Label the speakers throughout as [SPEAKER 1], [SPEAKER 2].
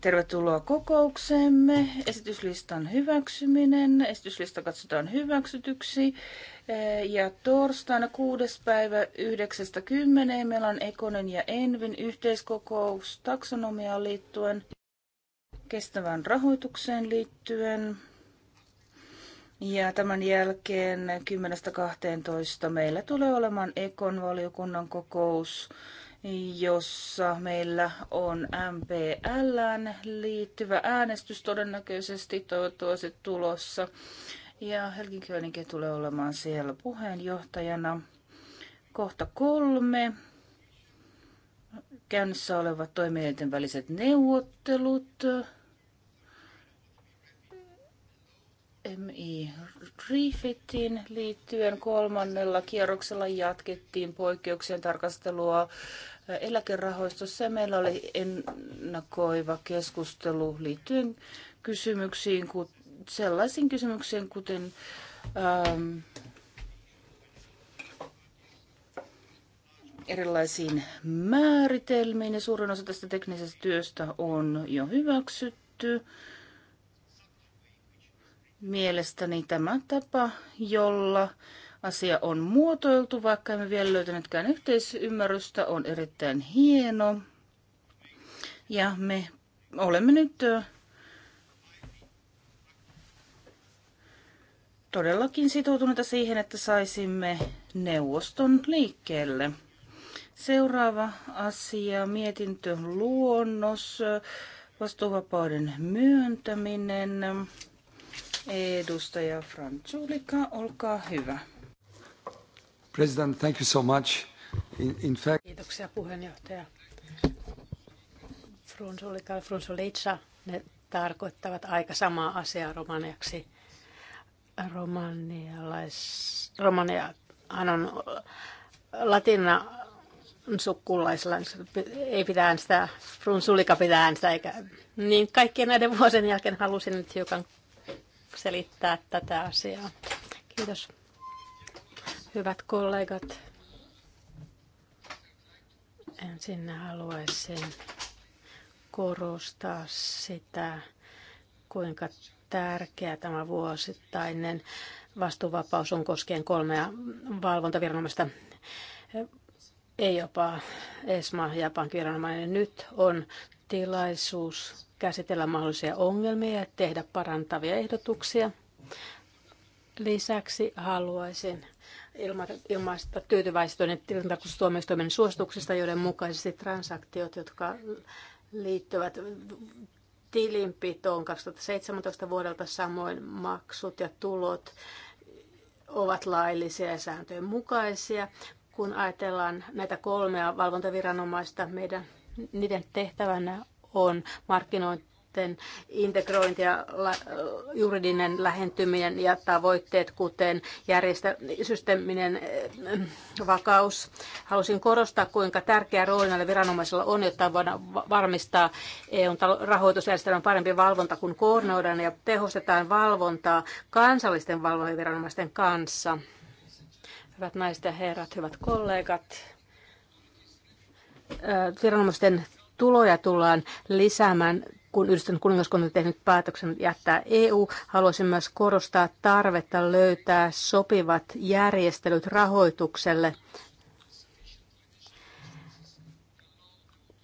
[SPEAKER 1] Tervetuloa kokoukseemme. Esityslistan hyväksyminen. Esityslista katsotaan hyväksytyksi. Eh, ja torstaina 6. päivä 9.10. meillä on Ekonen ja Envin yhteiskokous taksonomiaan liittyen, kestävään rahoitukseen liittyen. Ja tämän jälkeen 10.12. meillä tulee olemaan Ekon valiokunnan kokous jossa meillä on MPL liittyvä äänestys todennäköisesti toivottavasti tulossa. Ja Helgi Kööninke tulee olemaan siellä puheenjohtajana. Kohta kolme. Käynnissä olevat toimielinten väliset neuvottelut. MI Refittiin liittyen kolmannella kierroksella jatkettiin poikkeuksien tarkastelua eläkerahoistossa meillä oli ennakoiva keskustelu liittyen kysymyksiin, sellaisiin kysymyksiin kuten ähm, erilaisiin määritelmiin ja suurin osa tästä teknisestä työstä on jo hyväksytty. Mielestäni tämä tapa, jolla asia on muotoiltu, vaikka emme vielä löytäneetkään yhteisymmärrystä, on erittäin hieno. Ja me olemme nyt todellakin sitoutuneita siihen, että saisimme neuvoston liikkeelle. Seuraava asia, mietintö luonnos, vastuuvapauden myöntäminen. Edustaja Franzulika, olkaa hyvä. President, thank you so much. In, in fact...
[SPEAKER 2] Kiitoksia puheenjohtaja. Frunzulika, Frunzulica, ne tarkoittavat aika samaa asiaa romaniaksi. Romanialais, romaniahan on latina sukkulaisella, ei pitää sitä, frunsulika pitää äänestää, eikä. Niin kaikkien näiden vuosien jälkeen halusin nyt hiukan selittää tätä asiaa. Kiitos. Hyvät kollegat, ensin haluaisin korostaa sitä, kuinka tärkeä tämä vuosittainen vastuuvapaus on koskien kolmea valvontaviranomaista. Ei jopa ESMA ja pankkiviranomainen nyt on tilaisuus käsitellä mahdollisia ongelmia ja tehdä parantavia ehdotuksia. Lisäksi haluaisin ilmaista tyytyväisyyden tilintarkastustuomioistuimen suosituksista, joiden mukaisesti transaktiot, jotka liittyvät tilinpitoon 2017 vuodelta, samoin maksut ja tulot ovat laillisia ja sääntöjen mukaisia. Kun ajatellaan näitä kolmea valvontaviranomaista, meidän, niiden tehtävänä on markkinoiden integrointi ja juridinen lähentyminen ja tavoitteet, kuten järjestä, systeeminen eh, vakaus. Haluaisin korostaa, kuinka tärkeä rooli näillä viranomaisilla on, jotta voidaan varmistaa EUn rahoitusjärjestelmän parempi valvonta, kun koordinoidaan ja tehostetaan valvontaa kansallisten valvontaviranomaisten kanssa. Hyvät naiset ja herrat, hyvät kollegat, eh, viranomaisten tuloja tullaan lisäämään kun yhdistynyt kuningaskunta on tehnyt päätöksen jättää EU, haluaisin myös korostaa tarvetta löytää sopivat järjestelyt rahoitukselle,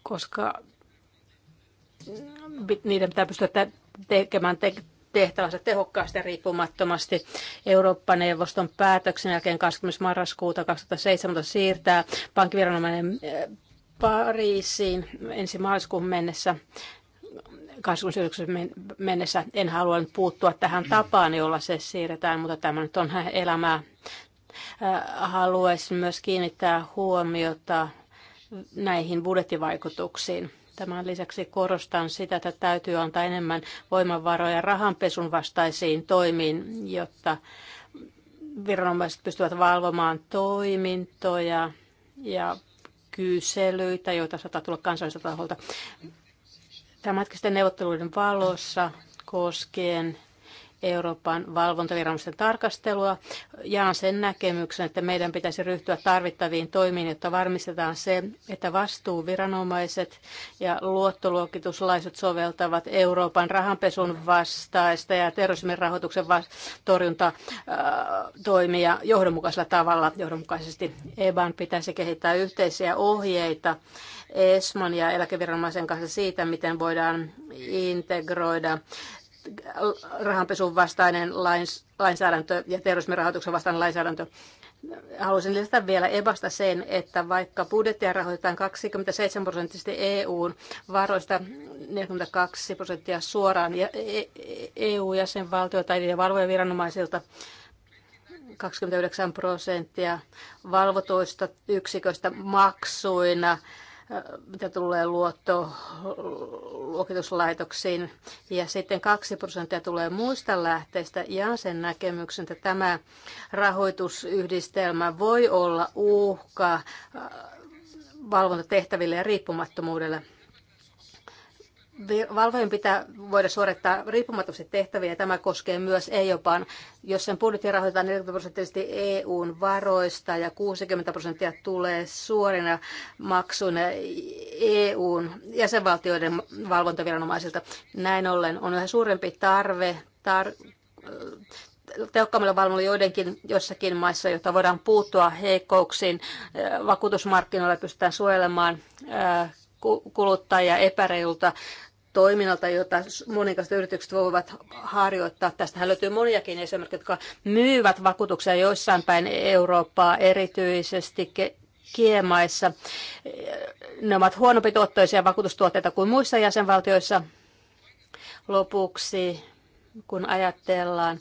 [SPEAKER 2] koska niiden pitää pystyä tekemään tehtävänsä tehokkaasti ja riippumattomasti. Eurooppa-neuvoston päätöksen jälkeen 20. marraskuuta 2017 siirtää pankkiviranomainen Pariisiin ensi maaliskuun mennessä. 29 mennessä en halua nyt puuttua tähän tapaan, jolla se siirretään, mutta tämä nyt on elämää. Äh, haluaisin myös kiinnittää huomiota näihin budjettivaikutuksiin. Tämän lisäksi korostan sitä, että täytyy antaa enemmän voimavaroja rahanpesun vastaisiin toimiin, jotta viranomaiset pystyvät valvomaan toimintoja ja kyselyitä, joita saattaa tulla kansalliselta taholta. Tämänhetkisten neuvotteluiden valossa koskien Euroopan valvontaviranomaisten tarkastelua. Jaan sen näkemyksen, että meidän pitäisi ryhtyä tarvittaviin toimiin, jotta varmistetaan se, että vastuuviranomaiset ja luottoluokituslaiset soveltavat Euroopan rahanpesun vastaista ja terrorismin rahoituksen torjuntatoimia äh, johdonmukaisella tavalla. Johdonmukaisesti EBAN pitäisi kehittää yhteisiä ohjeita ESMAN ja eläkeviranomaisen kanssa siitä, miten voidaan integroida rahanpesun vastainen lains, lainsäädäntö ja terrorismirahoituksen vastainen lainsäädäntö. Haluaisin lisätä vielä EBAsta sen, että vaikka budjettia rahoitetaan 27 prosenttisesti EUn varoista, 42 prosenttia suoraan EU-jäsenvaltioilta ja e-, e-, e viranomaisilta 29 prosenttia valvotuista yksiköistä maksuina mitä tulee luotto luokituslaitoksiin. Ja sitten 2 prosenttia tulee muista lähteistä ja sen näkemyksen, että tämä rahoitusyhdistelmä voi olla uhka äh, valvontatehtäville ja riippumattomuudelle. Valvojen pitää voida suorittaa riippumattomasti tehtäviä ja tämä koskee myös EIOPAan, jos sen budjetti rahoitetaan 40 prosenttisesti EUn varoista ja 60 prosenttia tulee suorina maksuina EUn jäsenvaltioiden valvontaviranomaisilta. Näin ollen on yhä suurempi tarve tar- tehokkaammilla valvonnilla joidenkin jossakin maissa, jotta voidaan puuttua heikkouksiin. Vakuutusmarkkinoilla pystytään suojelemaan kuluttajia epäreilulta toiminnalta, jota monikaiset yritykset voivat harjoittaa. Tästähän löytyy moniakin esimerkkejä, jotka myyvät vakuutuksia joissain päin Eurooppaa, erityisesti kiemaissa. Ne ovat huonopituottoisia vakuutustuotteita kuin muissa jäsenvaltioissa. Lopuksi, kun ajatellaan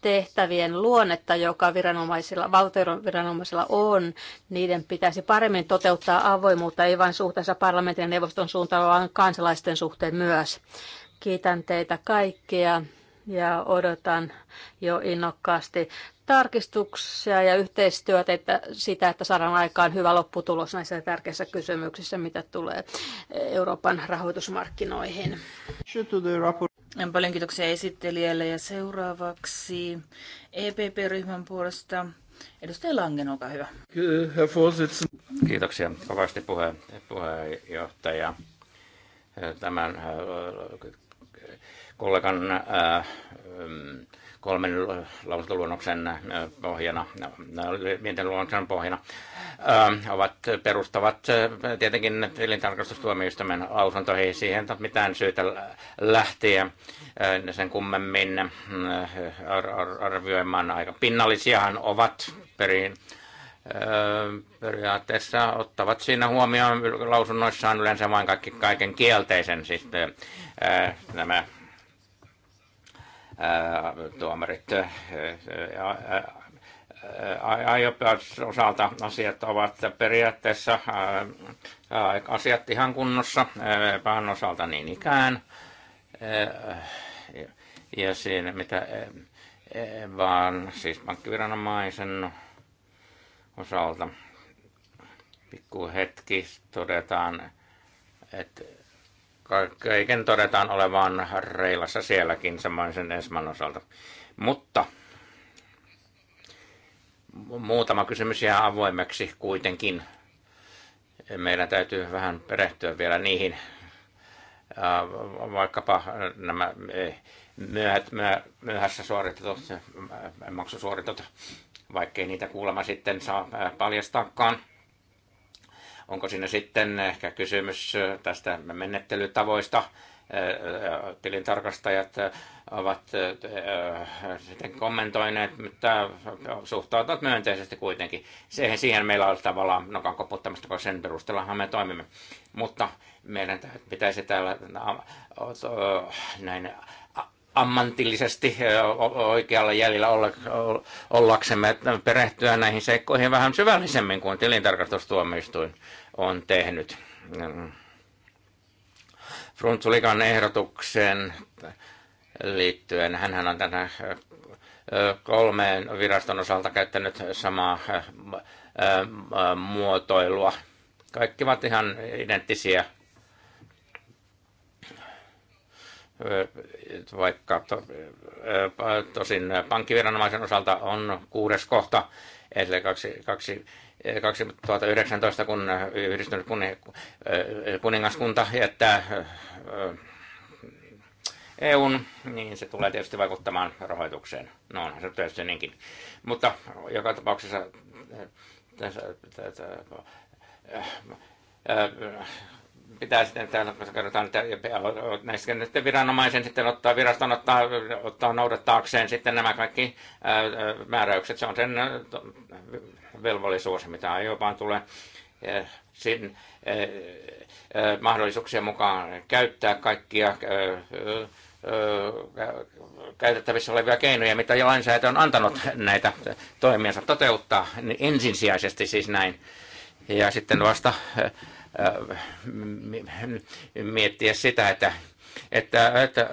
[SPEAKER 2] tehtävien luonnetta, joka viranomaisilla, valtion viranomaisilla on, niiden pitäisi paremmin toteuttaa avoimuutta, ei vain suhteessa parlamentin ja neuvoston suuntaan, vaan kansalaisten suhteen myös. Kiitän teitä kaikkia ja odotan jo innokkaasti tarkistuksia ja yhteistyötä että sitä, että saadaan aikaan hyvä lopputulos näissä tärkeissä kysymyksissä, mitä tulee Euroopan rahoitusmarkkinoihin. Paljon kiitoksia esittelijälle ja seuraavaksi
[SPEAKER 1] EPP-ryhmän puolesta edustaja Langen, olkaa hyvä.
[SPEAKER 3] Kiitoksia kovasti puhe, puheenjohtaja. Tämän äh, kollegan äh, kolmen lausuntoluonnoksen äh, pohjana, äh, mietintöluonnoksen pohjana, ähm, ovat perustavat äh, tietenkin tilintarkastustuomioistuimen ei Siihen ei mitään syytä lähteä sen kummemmin arvioimaan. Aika pinnallisiahan ovat perin periaatteessa ottavat siinä huomioon lausunnoissaan yleensä vain kaikki, kaiken kielteisen. Siis, nämä tuomarit IOPS osalta asiat ovat periaatteessa asiat ihan kunnossa, pään osalta niin ikään. Ja siinä mitä vaan siis pankkiviranomaisen osalta pikku hetki todetaan, että kaiken todetaan olevan reilassa sielläkin samoin sen Esman osalta. Mutta muutama kysymys jää avoimeksi kuitenkin. Meidän täytyy vähän perehtyä vielä niihin. Vaikkapa nämä e, myöhät, myöhässä suoritetut e, maksusuoritetut, vaikkei niitä kuulemma sitten saa paljastaakaan Onko siinä sitten ehkä kysymys tästä menettelytavoista? Tilintarkastajat ovat sitten kommentoineet, mutta suhtautuvat myönteisesti kuitenkin. Siihen, siihen meillä on tavallaan nokan koputtamista, koska sen perusteellahan me toimimme. Mutta meidän pitäisi täällä näin ammatillisesti oikealla jäljellä ollaksemme perehtyä näihin seikkoihin vähän syvällisemmin kuin tilintarkastustuomioistuin on tehnyt. Fruntsulikan ehdotukseen liittyen, hän on tänä kolmeen viraston osalta käyttänyt samaa muotoilua. Kaikki ovat ihan identtisiä vaikka to, äh, tosin pankkiviranomaisen osalta on kuudes kohta, eli kaksi, kaksi 2019, äh, kun yhdistynyt äh, kuningaskunta jättää EUn, niin se tulee tietysti vaikuttamaan rahoitukseen. No onhan se tietysti niinkin. Mutta joka tapauksessa pitää sitten täällä, kun katsotaan, että näissä sitten viranomaisen sitten ottaa, viraston ottaa, ottaa noudattaakseen sitten nämä kaikki ää, määräykset. Se on sen velvollisuus, mitä aiopaan tulee ja sin, ää, ää, mahdollisuuksien mukaan käyttää kaikkia ää, käytettävissä olevia keinoja, mitä jo lainsäädäntö on antanut näitä toimiansa toteuttaa, niin ensisijaisesti siis näin. Ja sitten vasta Äh, miettiä sitä, että että, että,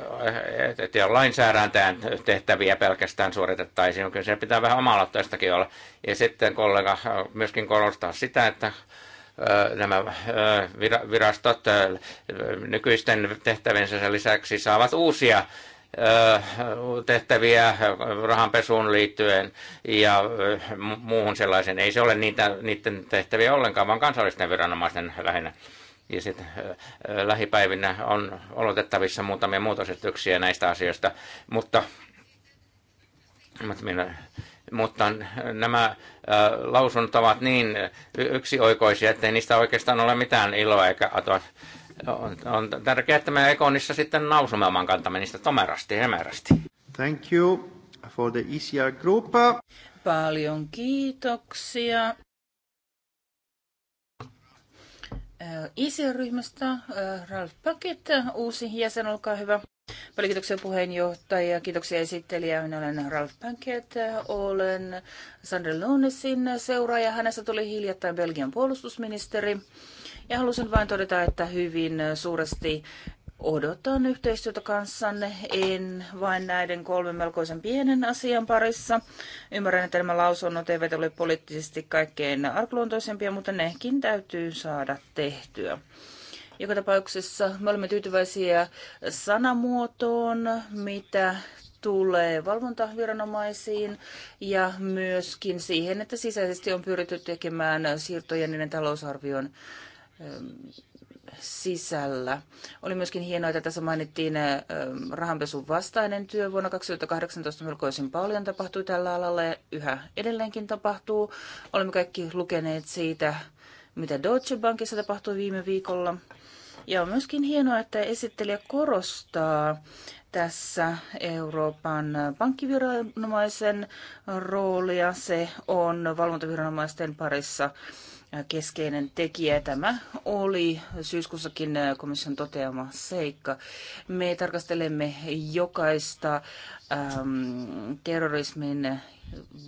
[SPEAKER 3] että, että lainsäädäntään tehtäviä pelkästään suoritettaisiin, kyllä se pitää vähän omaloittaistakin olla. Ja sitten kollega myöskin korostaa sitä, että äh, nämä äh, virastot nykyisten tehtäviensä lisäksi saavat uusia tehtäviä rahanpesuun liittyen ja muuhun sellaisen. Ei se ole niitä, niiden tehtäviä ollenkaan, vaan kansallisten viranomaisten lähinnä. Ja sitten lähipäivinä on olotettavissa muutamia muutosetyksiä näistä asioista, mutta, mutta minä mutta nämä lausunnot ovat niin yksioikoisia, ettei niistä oikeastaan ole mitään iloa eikä on, on tärkeää, että me Ekonissa sitten nausumme oman kantamme niistä tomerasti, hämärästi.
[SPEAKER 4] Thank you for
[SPEAKER 1] the ECR group. Paljon kiitoksia. ECR ryhmästä Ralf Paket, uusi jäsen, olkaa hyvä. Paljon kiitoksia puheenjohtaja, kiitoksia esittelijä. Minä olen Ralf Paket, olen Sandra Lonesin seuraaja. Hänestä tuli hiljattain Belgian puolustusministeri. Ja halusin vain todeta, että hyvin suuresti odotan yhteistyötä kanssanne, en vain näiden kolmen melkoisen pienen asian parissa. Ymmärrän, että nämä lausunnot eivät ole poliittisesti kaikkein arkluontoisempia, mutta nekin täytyy saada tehtyä. Joka tapauksessa me olemme tyytyväisiä sanamuotoon, mitä tulee valvontaviranomaisiin ja myöskin siihen, että sisäisesti on pyritty tekemään siirtojen niiden talousarvion sisällä. Oli myöskin hienoa, että tässä mainittiin rahanpesun vastainen työ. Vuonna 2018 melkoisin paljon tapahtui tällä alalla ja yhä edelleenkin tapahtuu. Olemme kaikki lukeneet siitä, mitä Deutsche Bankissa tapahtui viime viikolla. Ja on myöskin hienoa, että esittelijä korostaa tässä Euroopan pankkiviranomaisen roolia. Se on valvontaviranomaisten parissa keskeinen tekijä. Tämä oli syyskuussakin komission toteama seikka. Me tarkastelemme jokaista äm, terrorismin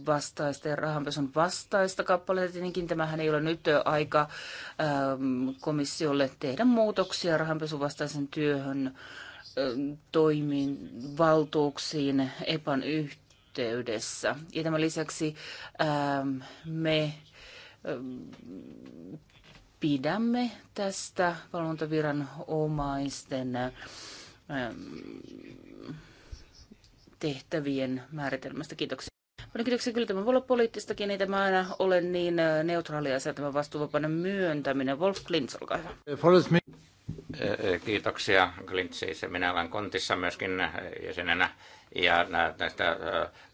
[SPEAKER 1] vastaista ja rahanpesun vastaista kappaleita. Tietenkin tämähän ei ole nyt aika äm, komissiolle tehdä muutoksia rahanpesun vastaisen työhön ähm, toimiin, valtuuksiin EPAN yhteydessä. Ja tämän lisäksi ähm, me pidämme tästä valvontaviranomaisten ähm, tehtävien määritelmästä. Kiitoksia. Paljon kiitoksia. Kyllä tämä voi olla poliittistakin, ei tämä aina ole niin äh, neutraalia asia, tämä vastuuvapainen myöntäminen. Wolf Klintz, olkaa hyvä. Äh,
[SPEAKER 3] äh, kiitoksia Klintz, siis minä olen kontissa myöskin jäsenenä ja näistä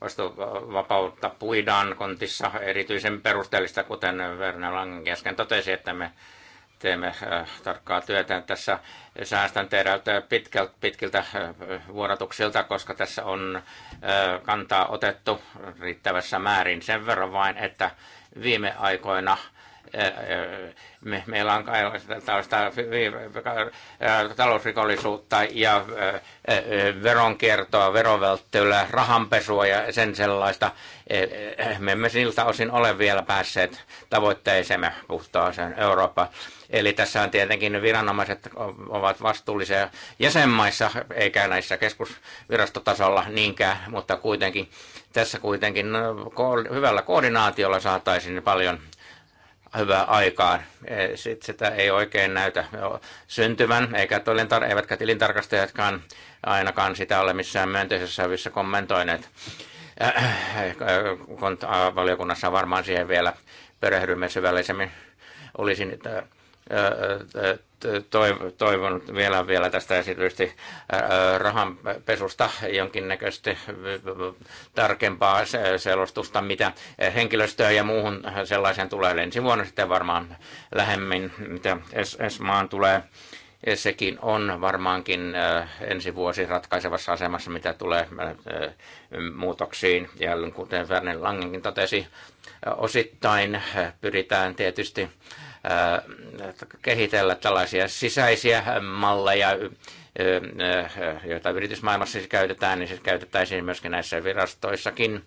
[SPEAKER 3] vastuvapautta puidaan kontissa erityisen perusteellista, kuten Werner Langen äsken totesi, että me teemme tarkkaa työtä. Tässä säästän teidät pitkältä, pitkiltä vuorotuksilta, koska tässä on kantaa otettu riittävässä määrin sen verran vain, että viime aikoina – me, meillä on tällaista talousrikollisuutta ja veronkiertoa, verovälttelyä, rahanpesua ja sen sellaista. Me emme siltä osin ole vielä päässeet tavoitteisemme puhtaaseen Eurooppaan. Eli tässä on tietenkin viranomaiset ovat vastuullisia jäsenmaissa, eikä näissä keskusvirastotasolla niinkään, mutta kuitenkin tässä kuitenkin no, hyvällä koordinaatiolla saataisiin paljon hyvää aikaan. E, Sitten sitä ei oikein näytä syntyvän, eikä tilintar- eivätkä tilintarkastajatkaan ainakaan sitä ole missään myönteisessä hyvissä kommentoineet. Äh, äh, äh, valiokunnassa varmaan siihen vielä perehdymme syvällisemmin. Olisin toivonut vielä, vielä tästä rahan rahanpesusta jonkinnäköistä tarkempaa selostusta, mitä henkilöstöä ja muuhun sellaiseen tulee ensi vuonna sitten varmaan lähemmin, mitä ESMAan tulee. Sekin on varmaankin ensi vuosi ratkaisevassa asemassa, mitä tulee muutoksiin. Ja kuten Werner Langenkin totesi, osittain pyritään tietysti kehitellä tällaisia sisäisiä malleja, joita yritysmaailmassa siis käytetään, niin siis käytettäisiin myöskin näissä virastoissakin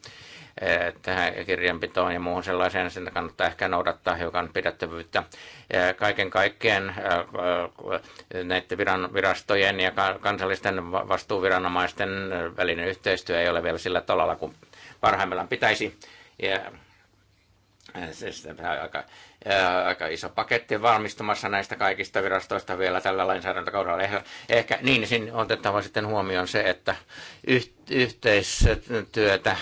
[SPEAKER 3] tähän kirjanpitoon ja muuhun sellaiseen. Sitä kannattaa ehkä noudattaa hiukan pidättävyyttä. Kaiken kaikkien näiden virastojen ja kansallisten vastuuviranomaisten välinen yhteistyö ei ole vielä sillä tavalla kuin parhaimmillaan pitäisi. Ja, siis aika aika iso paketti valmistumassa näistä kaikista virastoista vielä tällä lainsäädäntökaudella. Ehkä, ehkä niin, niin on otettava sitten huomioon se, että yht, yhteistyötä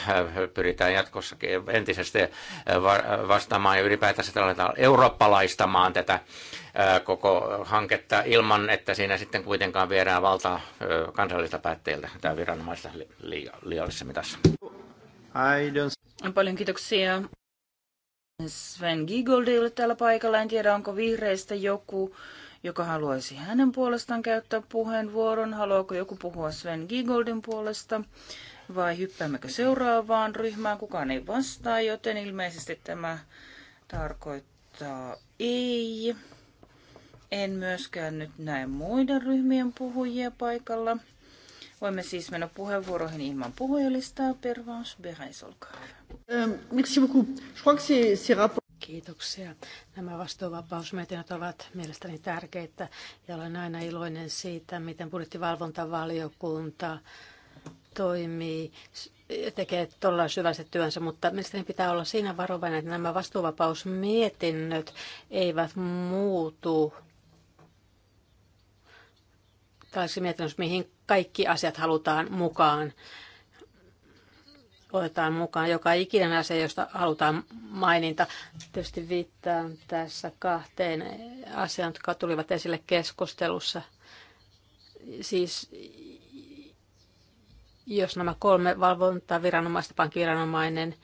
[SPEAKER 3] pyritään jatkossakin entisesti vastaamaan ja ylipäätänsä tällä eurooppalaistamaan tätä koko hanketta ilman, että siinä sitten kuitenkaan viedään valtaa kansallisilta päättäjiltä tai viranomaista liiallisessa mitassa.
[SPEAKER 1] Paljon kiitoksia. Sven Giegold ei ole täällä paikalla. En tiedä, onko vihreistä joku, joka haluaisi hänen puolestaan käyttää puheenvuoron. Haluaako joku puhua Sven Giegoldin puolesta? Vai hyppäämmekö seuraavaan ryhmään? Kukaan ei vastaa, joten ilmeisesti tämä tarkoittaa ei. En myöskään nyt näe muiden ryhmien puhujia paikalla. Voimme siis mennä puheenvuoroihin ilman puhujalistaa. Pervaus, Beres, olkaa hyvä.
[SPEAKER 2] Euh, Kiitoksia. Nämä vastuuvapausmietinnöt ovat mielestäni tärkeitä ja olen aina iloinen siitä, miten budjettivalvontavaliokunta toimii tekee todella syvästi työnsä, mutta mielestäni pitää olla siinä varovainen, että nämä vastuuvapausmietinnöt eivät muutu tällaisiksi mietinnössä, mihin kaikki asiat halutaan mukaan otetaan mukaan joka ikinen asia, josta halutaan maininta. Tietysti viittaan tässä kahteen asiaan, jotka tulivat esille keskustelussa. Siis jos nämä kolme valvontaviranomaista, pankkiviranomainen, viranomainen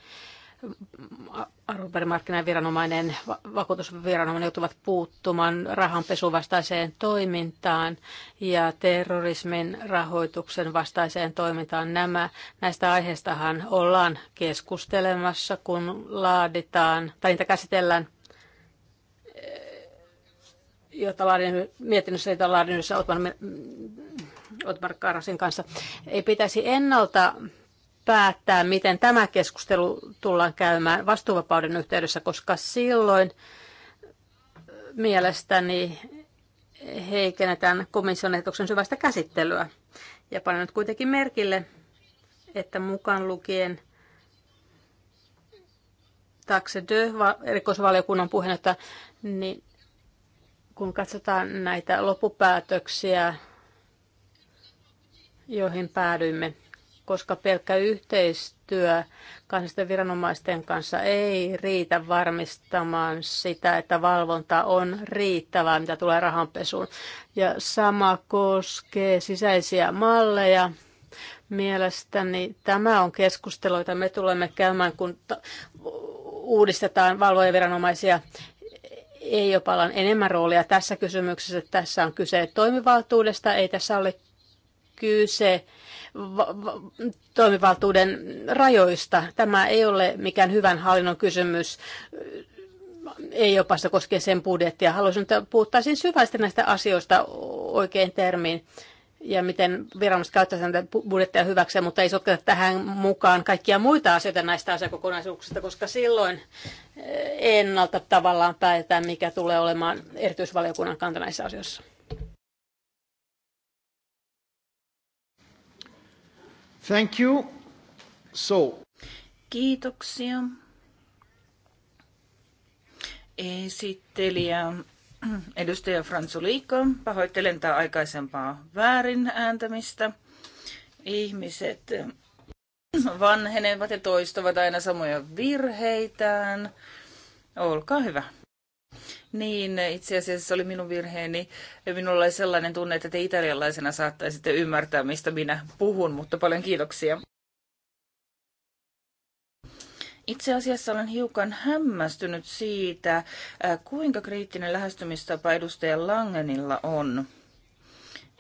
[SPEAKER 2] arvopaperimarkkinaviranomainen, vakuutusviranomainen joutuvat puuttumaan rahanpesun vastaiseen toimintaan ja terrorismin rahoituksen vastaiseen toimintaan. Nämä, näistä aiheistahan ollaan keskustelemassa, kun laaditaan tai niitä käsitellään jota laadin, mietinnössä, jota laadin yhdessä Otmar, Otmar Karasin kanssa. Ei pitäisi ennalta päättää, miten tämä keskustelu tullaan käymään vastuuvapauden yhteydessä, koska silloin mielestäni heikennetään komission ehdotuksen syvästä käsittelyä. Ja panen nyt kuitenkin merkille, että mukaan lukien Taxe de, erikoisvaliokunnan puheenjohtaja, niin kun katsotaan näitä lopupäätöksiä, joihin päädyimme, koska pelkkä yhteistyö kansallisten viranomaisten kanssa ei riitä varmistamaan sitä, että valvonta on riittävää, mitä tulee rahanpesuun. Ja sama koskee sisäisiä malleja. Mielestäni tämä on keskustelu, jota me tulemme käymään, kun uudistetaan valvojaviranomaisia ei jopa enemmän roolia tässä kysymyksessä. Tässä on kyse toimivaltuudesta, ei tässä ole kyse toimivaltuuden rajoista. Tämä ei ole mikään hyvän hallinnon kysymys ei jopa se koskee sen budjettia. Haluaisin, että puhuttaisiin syvästi näistä asioista oikein termiin ja miten viranomaiset käyttävät näitä budjetteja hyväksi, mutta ei sotketa tähän mukaan kaikkia muita asioita näistä asiakokonaisuuksista, koska silloin eh, ennalta tavallaan päätetään, mikä tulee olemaan erityisvaliokunnan kanta näissä asioissa.
[SPEAKER 1] Thank you. So. Kiitoksia. Esittelijä edustaja Liikko. pahoittelen tämä aikaisempaa väärin ääntämistä. Ihmiset vanhenevat ja toistavat aina samoja virheitään. Olkaa hyvä. Niin, itse asiassa se oli minun virheeni. Minulla oli sellainen tunne, että te italialaisena saattaisitte ymmärtää, mistä minä puhun, mutta paljon kiitoksia. Itse asiassa olen hiukan hämmästynyt siitä, äh, kuinka kriittinen lähestymistapa edustaja Langenilla on.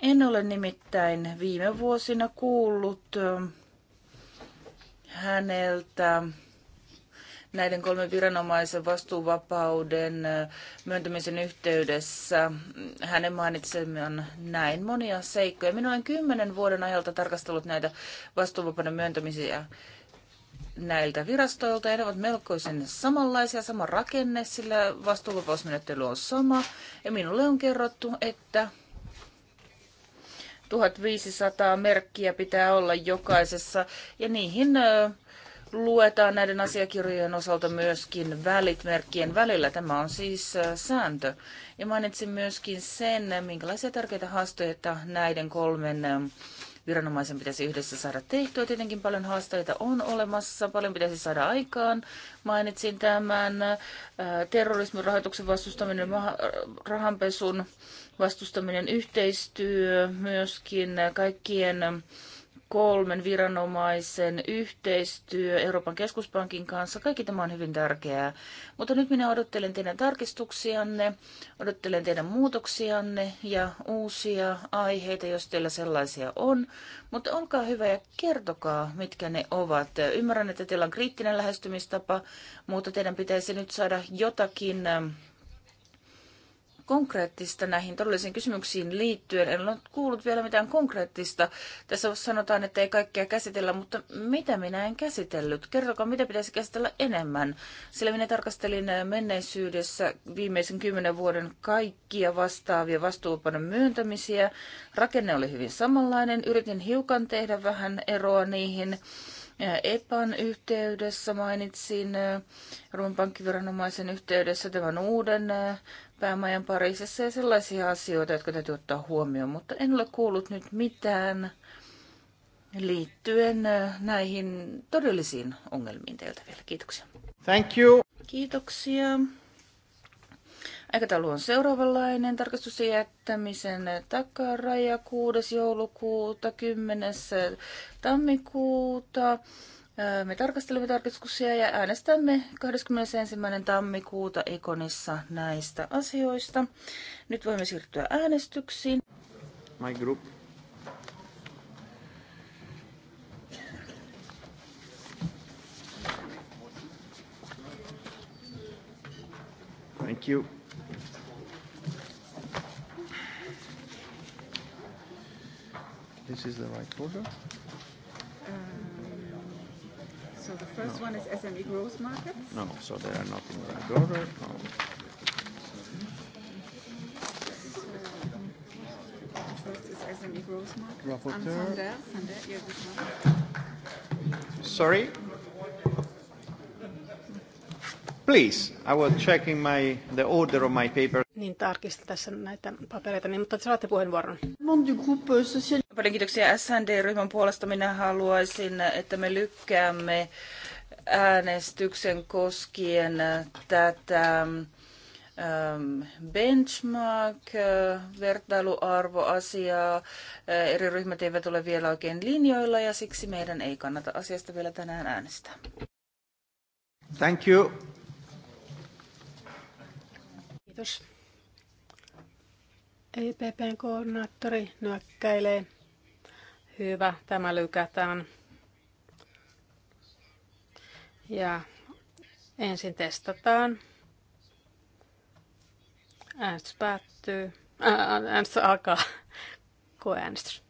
[SPEAKER 1] En ole nimittäin viime vuosina kuullut äh, häneltä näiden kolmen viranomaisen vastuuvapauden myöntämisen yhteydessä. Hänen mainitsemme on näin monia seikkoja. Minä olen kymmenen vuoden ajalta tarkastellut näitä vastuuvapauden myöntämisiä näiltä virastoilta ja ne ovat melkoisen samanlaisia, sama rakenne, sillä vastuuvapausmenettely on sama. Ja minulle on kerrottu, että 1500 merkkiä pitää olla jokaisessa ja niihin luetaan näiden asiakirjojen osalta myöskin välit merkkien välillä. Tämä on siis äh, sääntö. Ja mainitsin myöskin sen, minkälaisia tärkeitä haasteita näiden kolmen ähm, viranomaisen pitäisi yhdessä saada tehtyä. Tietenkin paljon haasteita on olemassa, paljon pitäisi saada aikaan. Mainitsin tämän äh, terrorismin rahoituksen vastustaminen, rahanpesun vastustaminen, yhteistyö, myöskin kaikkien ähm, kolmen viranomaisen yhteistyö Euroopan keskuspankin kanssa. Kaikki tämä on hyvin tärkeää. Mutta nyt minä odottelen teidän tarkistuksianne, odottelen teidän muutoksianne ja uusia aiheita, jos teillä sellaisia on. Mutta olkaa hyvä ja kertokaa, mitkä ne ovat. Ymmärrän, että teillä on kriittinen lähestymistapa, mutta teidän pitäisi nyt saada jotakin ähm, konkreettista näihin todellisiin kysymyksiin liittyen. En ole kuullut vielä mitään konkreettista. Tässä sanotaan, että ei kaikkea käsitellä, mutta mitä minä en käsitellyt? Kertokaa, mitä pitäisi käsitellä enemmän. Sillä minä tarkastelin menneisyydessä viimeisen kymmenen vuoden kaikkia vastaavia vastuupanon myöntämisiä. Rakenne oli hyvin samanlainen. Yritin hiukan tehdä vähän eroa niihin. EPAN yhteydessä mainitsin, Ruoan pankkiviranomaisen yhteydessä tämän uuden päämajan Pariisissa ja sellaisia asioita, jotka täytyy ottaa huomioon, mutta en ole kuullut nyt mitään liittyen näihin todellisiin ongelmiin teiltä vielä. Kiitoksia. Thank you. Kiitoksia. Aikataulu on seuraavanlainen. Tarkastus jättämisen takaraja 6. joulukuuta, 10. tammikuuta. Me tarkastelemme tarkistuksia ja äänestämme 21. tammikuuta Ekonissa näistä asioista. Nyt voimme siirtyä äänestyksiin. My group.
[SPEAKER 4] Thank you. This is the right order.
[SPEAKER 2] Uh. So the
[SPEAKER 1] first no. one is SME growth markets?
[SPEAKER 3] No, so they are not in the right order. No.
[SPEAKER 1] First is SME growth market.
[SPEAKER 4] Rapporteur. Sander,
[SPEAKER 1] Sander, yeah,
[SPEAKER 4] this Sorry? Please, I was checking my, the order of my paper.
[SPEAKER 2] Niin tarkistin tässä näitä papereita, niin, mutta saatte puheenvuoron.
[SPEAKER 1] Paljon kiitoksia SND-ryhmän puolesta. Minä haluaisin, että me lykkäämme äänestyksen koskien tätä ähm, benchmark-vertailuarvoasiaa. Äh, äh, eri ryhmät eivät ole vielä oikein linjoilla ja siksi meidän ei kannata asiasta vielä tänään äänestää.
[SPEAKER 4] Thank you.
[SPEAKER 2] Kiitos. EPPn koordinaattori nyökkäilee. Hyvä, tämä lykätään. Ja ensin testataan. Äänestys päättyy. Äänestys alkaa. Koeäänestys.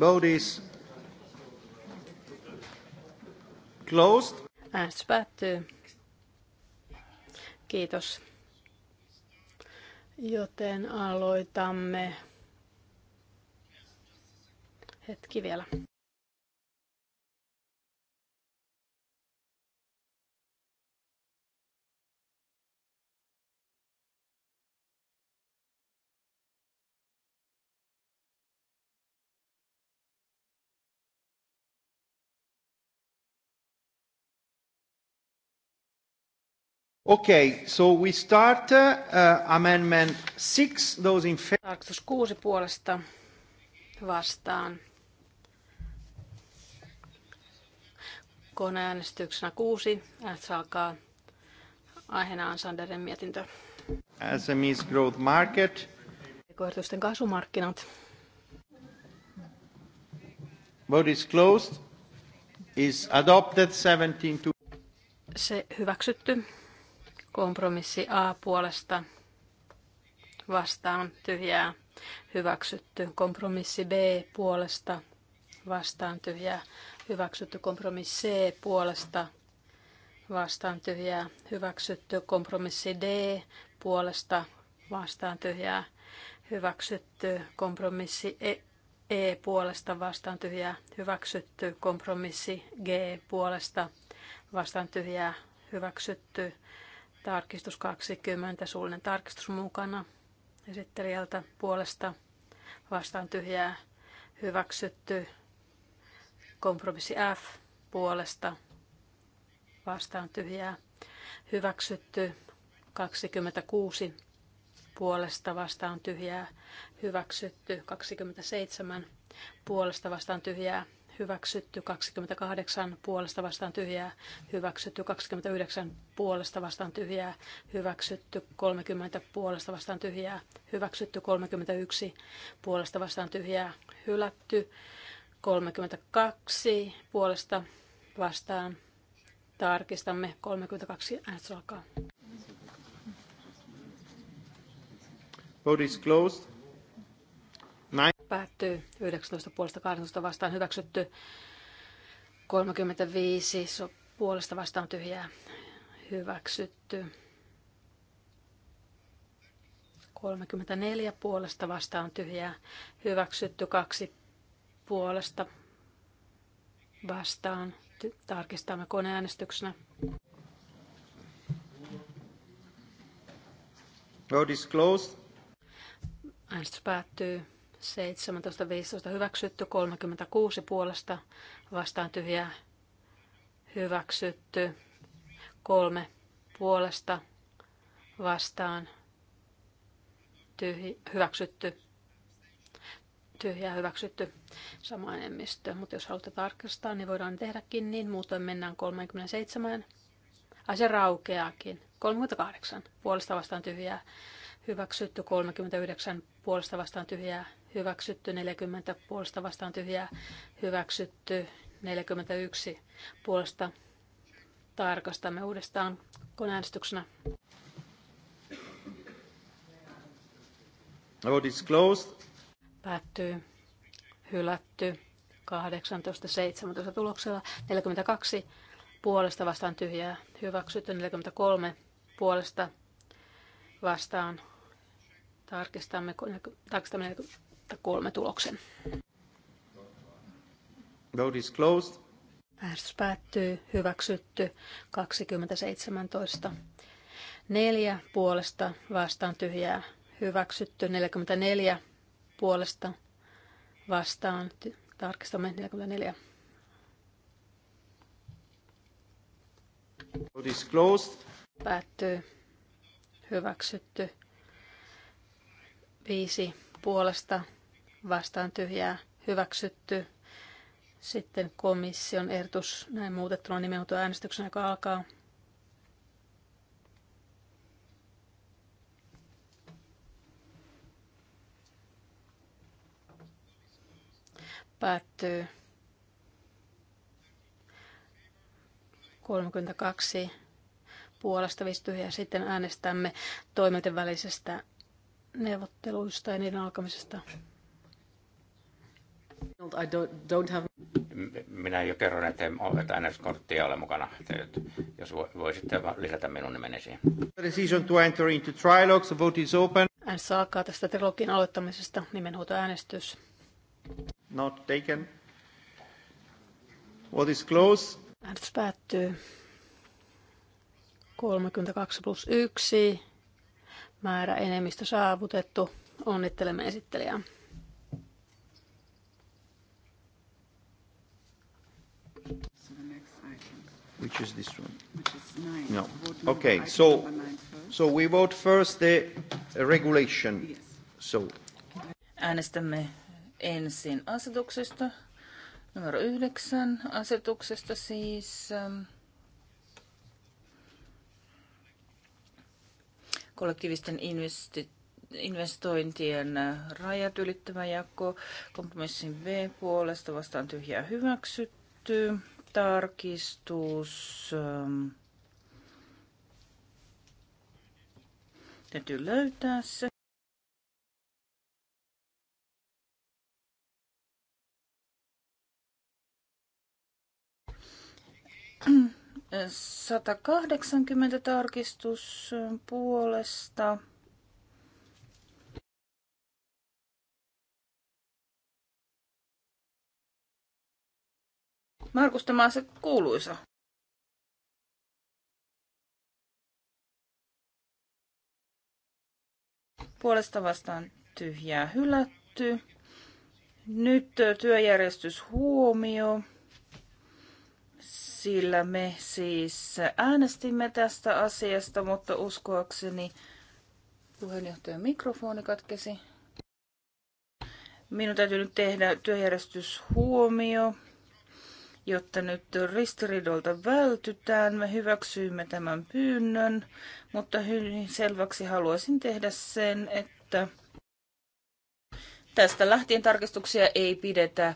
[SPEAKER 4] Vote is closed.
[SPEAKER 2] Äänestys päättyy. Kiitos. Joten aloitamme. Hetki vielä.
[SPEAKER 4] Okei, Okay, so we start uh, amendment 6, those in favor. Tarkoitus kuusi puolesta
[SPEAKER 2] vastaan. Koneäänestyksenä kuusi. Äänestys alkaa. Aiheena on Sanderin mietintö.
[SPEAKER 4] SMEs growth market.
[SPEAKER 2] Koirtusten kasvumarkkinat.
[SPEAKER 4] Vote is closed. Is adopted 17 to...
[SPEAKER 2] Se hyväksytty. Kompromissi A puolesta vastaan tyhjää hyväksytty. Kompromissi B puolesta vastaan tyhjää hyväksytty. Kompromissi C puolesta vastaan tyhjää hyväksytty. Kompromissi D puolesta vastaan tyhjää hyväksytty. Kompromissi E E puolesta vastaan tyhjää hyväksytty, kompromissi G puolesta vastaan tyhjää hyväksytty, Tarkistus 20, suullinen tarkistus mukana esittelijältä puolesta vastaan tyhjää hyväksytty. Kompromissi F puolesta vastaan tyhjää hyväksytty. 26 puolesta vastaan tyhjää hyväksytty. 27 puolesta vastaan tyhjää hyväksytty 28 puolesta vastaan tyhjää, hyväksytty 29 puolesta vastaan tyhjää, hyväksytty 30 puolesta vastaan tyhjää, hyväksytty 31 puolesta vastaan tyhjää, hylätty 32 puolesta vastaan. Tarkistamme 32 äänestys alkaa.
[SPEAKER 4] Vote is closed.
[SPEAKER 2] Päättyy 19 18 vastaan hyväksytty. 35 so, puolesta vastaan tyhjää hyväksytty. 34 puolesta vastaan tyhjää hyväksytty. 2 puolesta vastaan. Ty- Tarkistamme koneäänestyksenä.
[SPEAKER 4] Vote is closed.
[SPEAKER 2] Äänestys päättyy. 17.15 hyväksytty, 36 puolesta vastaan tyhjää hyväksytty, 3 puolesta vastaan tyhjä, hyväksytty, tyhjää hyväksytty sama enemmistö. Mutta jos haluatte tarkistaa, niin voidaan tehdäkin niin, muutoin mennään 37. Ai se raukeakin. 38 puolesta vastaan tyhjää hyväksytty, 39 puolesta vastaan tyhjää hyväksytty 40 puolesta vastaan tyhjää, hyväksytty 41 puolesta. Tarkastamme uudestaan koneäänestyksenä.
[SPEAKER 4] Vote is closed.
[SPEAKER 2] Päättyy. Hylätty. 18.17 tuloksella. 42 puolesta vastaan tyhjää. Hyväksytty 43 puolesta vastaan. Tarkistamme, tarkistamme 2003 tuloksen.
[SPEAKER 4] Vote is closed.
[SPEAKER 2] Äänestys päättyy. Hyväksytty 2017. Neljä puolesta vastaan tyhjää. Hyväksytty 44 puolesta vastaan. Tarkistamme 44.
[SPEAKER 4] Vote is closed.
[SPEAKER 2] Päättyy. Hyväksytty. Viisi puolesta vastaan tyhjää hyväksytty. Sitten komission ehdotus näin muutettuna nimenomaan äänestyksen, joka alkaa. Päättyy 32 puolesta ja Sitten äänestämme toimintavälisestä neuvotteluista ja niiden alkamisesta.
[SPEAKER 3] Minä jo kerron, että en ole äänestyskorttia ole mukana. Jos voisitte lisätä minun nimeni siihen.
[SPEAKER 4] Decision to enter into trilogues. The vote is open.
[SPEAKER 2] Äänestys alkaa tästä trilogin aloittamisesta. Nimenhuutoäänestys.
[SPEAKER 4] Not taken. What is close?
[SPEAKER 2] Äänestys päättyy. 32 plus 1. Määrä enemmistö saavutettu. Onnittelemme esittelijää.
[SPEAKER 4] which is this one? Which is nine. No. okay, so, so we vote first the uh, regulation. Yes. So.
[SPEAKER 1] Äänestämme ensin asetuksesta, numero yhdeksän asetuksesta siis. Ähm, kollektiivisten investi- investointien äh, rajat ylittävä jako, kompromissin B puolesta vastaan tyhjää hyväksytty tarkistus. Ähm, täytyy löytää se. Äh, kahdeksankymmentä tarkistus ähm, puolesta. Markus, tämä on se kuuluisa. Puolesta vastaan tyhjää hylätty. Nyt työjärjestys huomio, sillä me siis äänestimme tästä asiasta, mutta uskoakseni puheenjohtajan mikrofoni katkesi. Minun täytyy nyt tehdä työjärjestyshuomio. Jotta nyt ristiriidolta vältytään, me hyväksyimme tämän pyynnön, mutta hyvin selväksi haluaisin tehdä sen, että tästä lähtien tarkistuksia ei pidetä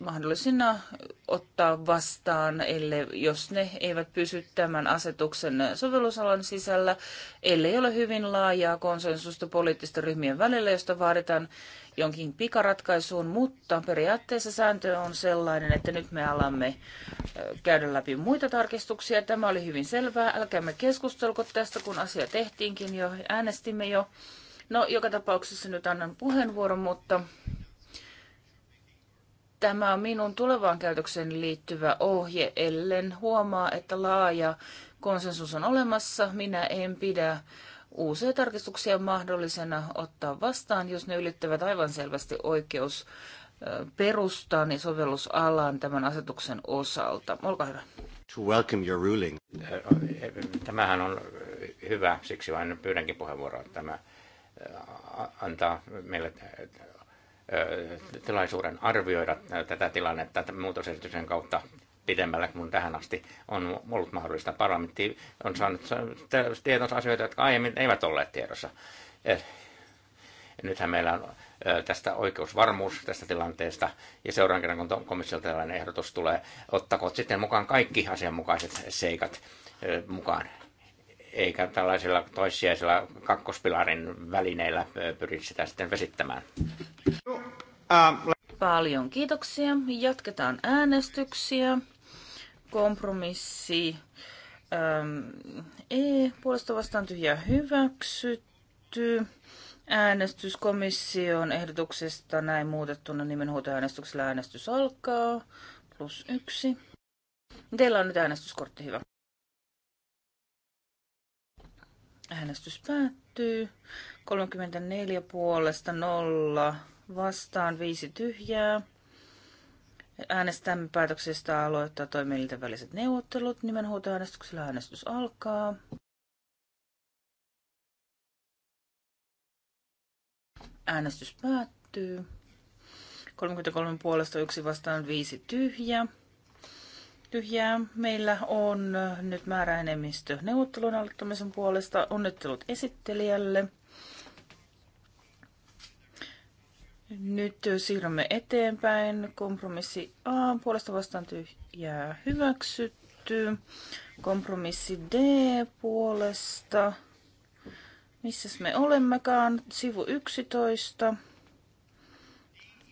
[SPEAKER 1] mahdollisina ottaa vastaan, ellei, jos ne eivät pysy tämän asetuksen sovellusalan sisällä, ellei ole hyvin laajaa konsensusta poliittisten ryhmien välillä, josta vaaditaan jonkin pikaratkaisuun, mutta periaatteessa sääntö on sellainen, että nyt me alamme käydä läpi muita tarkistuksia. Tämä oli hyvin selvää. Älkäämme keskustelko tästä, kun asia tehtiinkin jo, äänestimme jo. No, joka tapauksessa nyt annan puheenvuoron, mutta tämä on minun tulevaan käytökseen liittyvä ohje, ellen huomaa, että laaja konsensus on olemassa. Minä en pidä uusia tarkistuksia mahdollisena ottaa vastaan, jos ne ylittävät aivan selvästi oikeus perustaan ja sovellusalaan tämän asetuksen osalta. Olkaa hyvä.
[SPEAKER 4] To welcome your ruling.
[SPEAKER 3] Tämähän on hyvä, siksi vain pyydänkin puheenvuoroa. Tämä antaa meille tilaisuuden arvioida tätä tilannetta muutosesityksen kautta pidemmällä kuin tähän asti on ollut mahdollista. Parlamentti on saanut tietonsa asioita, jotka aiemmin eivät olleet tiedossa. Eh, nythän meillä on tästä oikeusvarmuus tästä tilanteesta ja seuraavan kerran, kun komissiolta tällainen ehdotus tulee, ottakoot sitten mukaan kaikki asianmukaiset seikat mukaan eikä tällaisilla toissijaisilla kakkospilarin välineillä pyri sitä sitten
[SPEAKER 1] vesittämään. No, ähm, Paljon kiitoksia. Jatketaan äänestyksiä kompromissi ähm, E puolesta vastaan tyhjää hyväksytty. Äänestyskomission ehdotuksesta näin muutettuna nimenhuutoäänestyksellä äänestys alkaa. Plus yksi. Teillä on nyt äänestyskortti hyvä. Äänestys päättyy. 34 puolesta 0 vastaan 5 tyhjää. Äänestämme päätöksestä aloittaa toimielinten väliset neuvottelut. Nimenhuutoäänestyksellä äänestys alkaa. Äänestys päättyy. 33 puolesta yksi vastaan viisi tyhjä. Tyhjää. Meillä on nyt määräenemmistö neuvottelun aloittamisen puolesta. Onnittelut esittelijälle. Nyt siirrymme eteenpäin. Kompromissi A puolesta vastaan tyhjää hyväksytty. Kompromissi D puolesta. Missäs me olemmekaan? Sivu 11.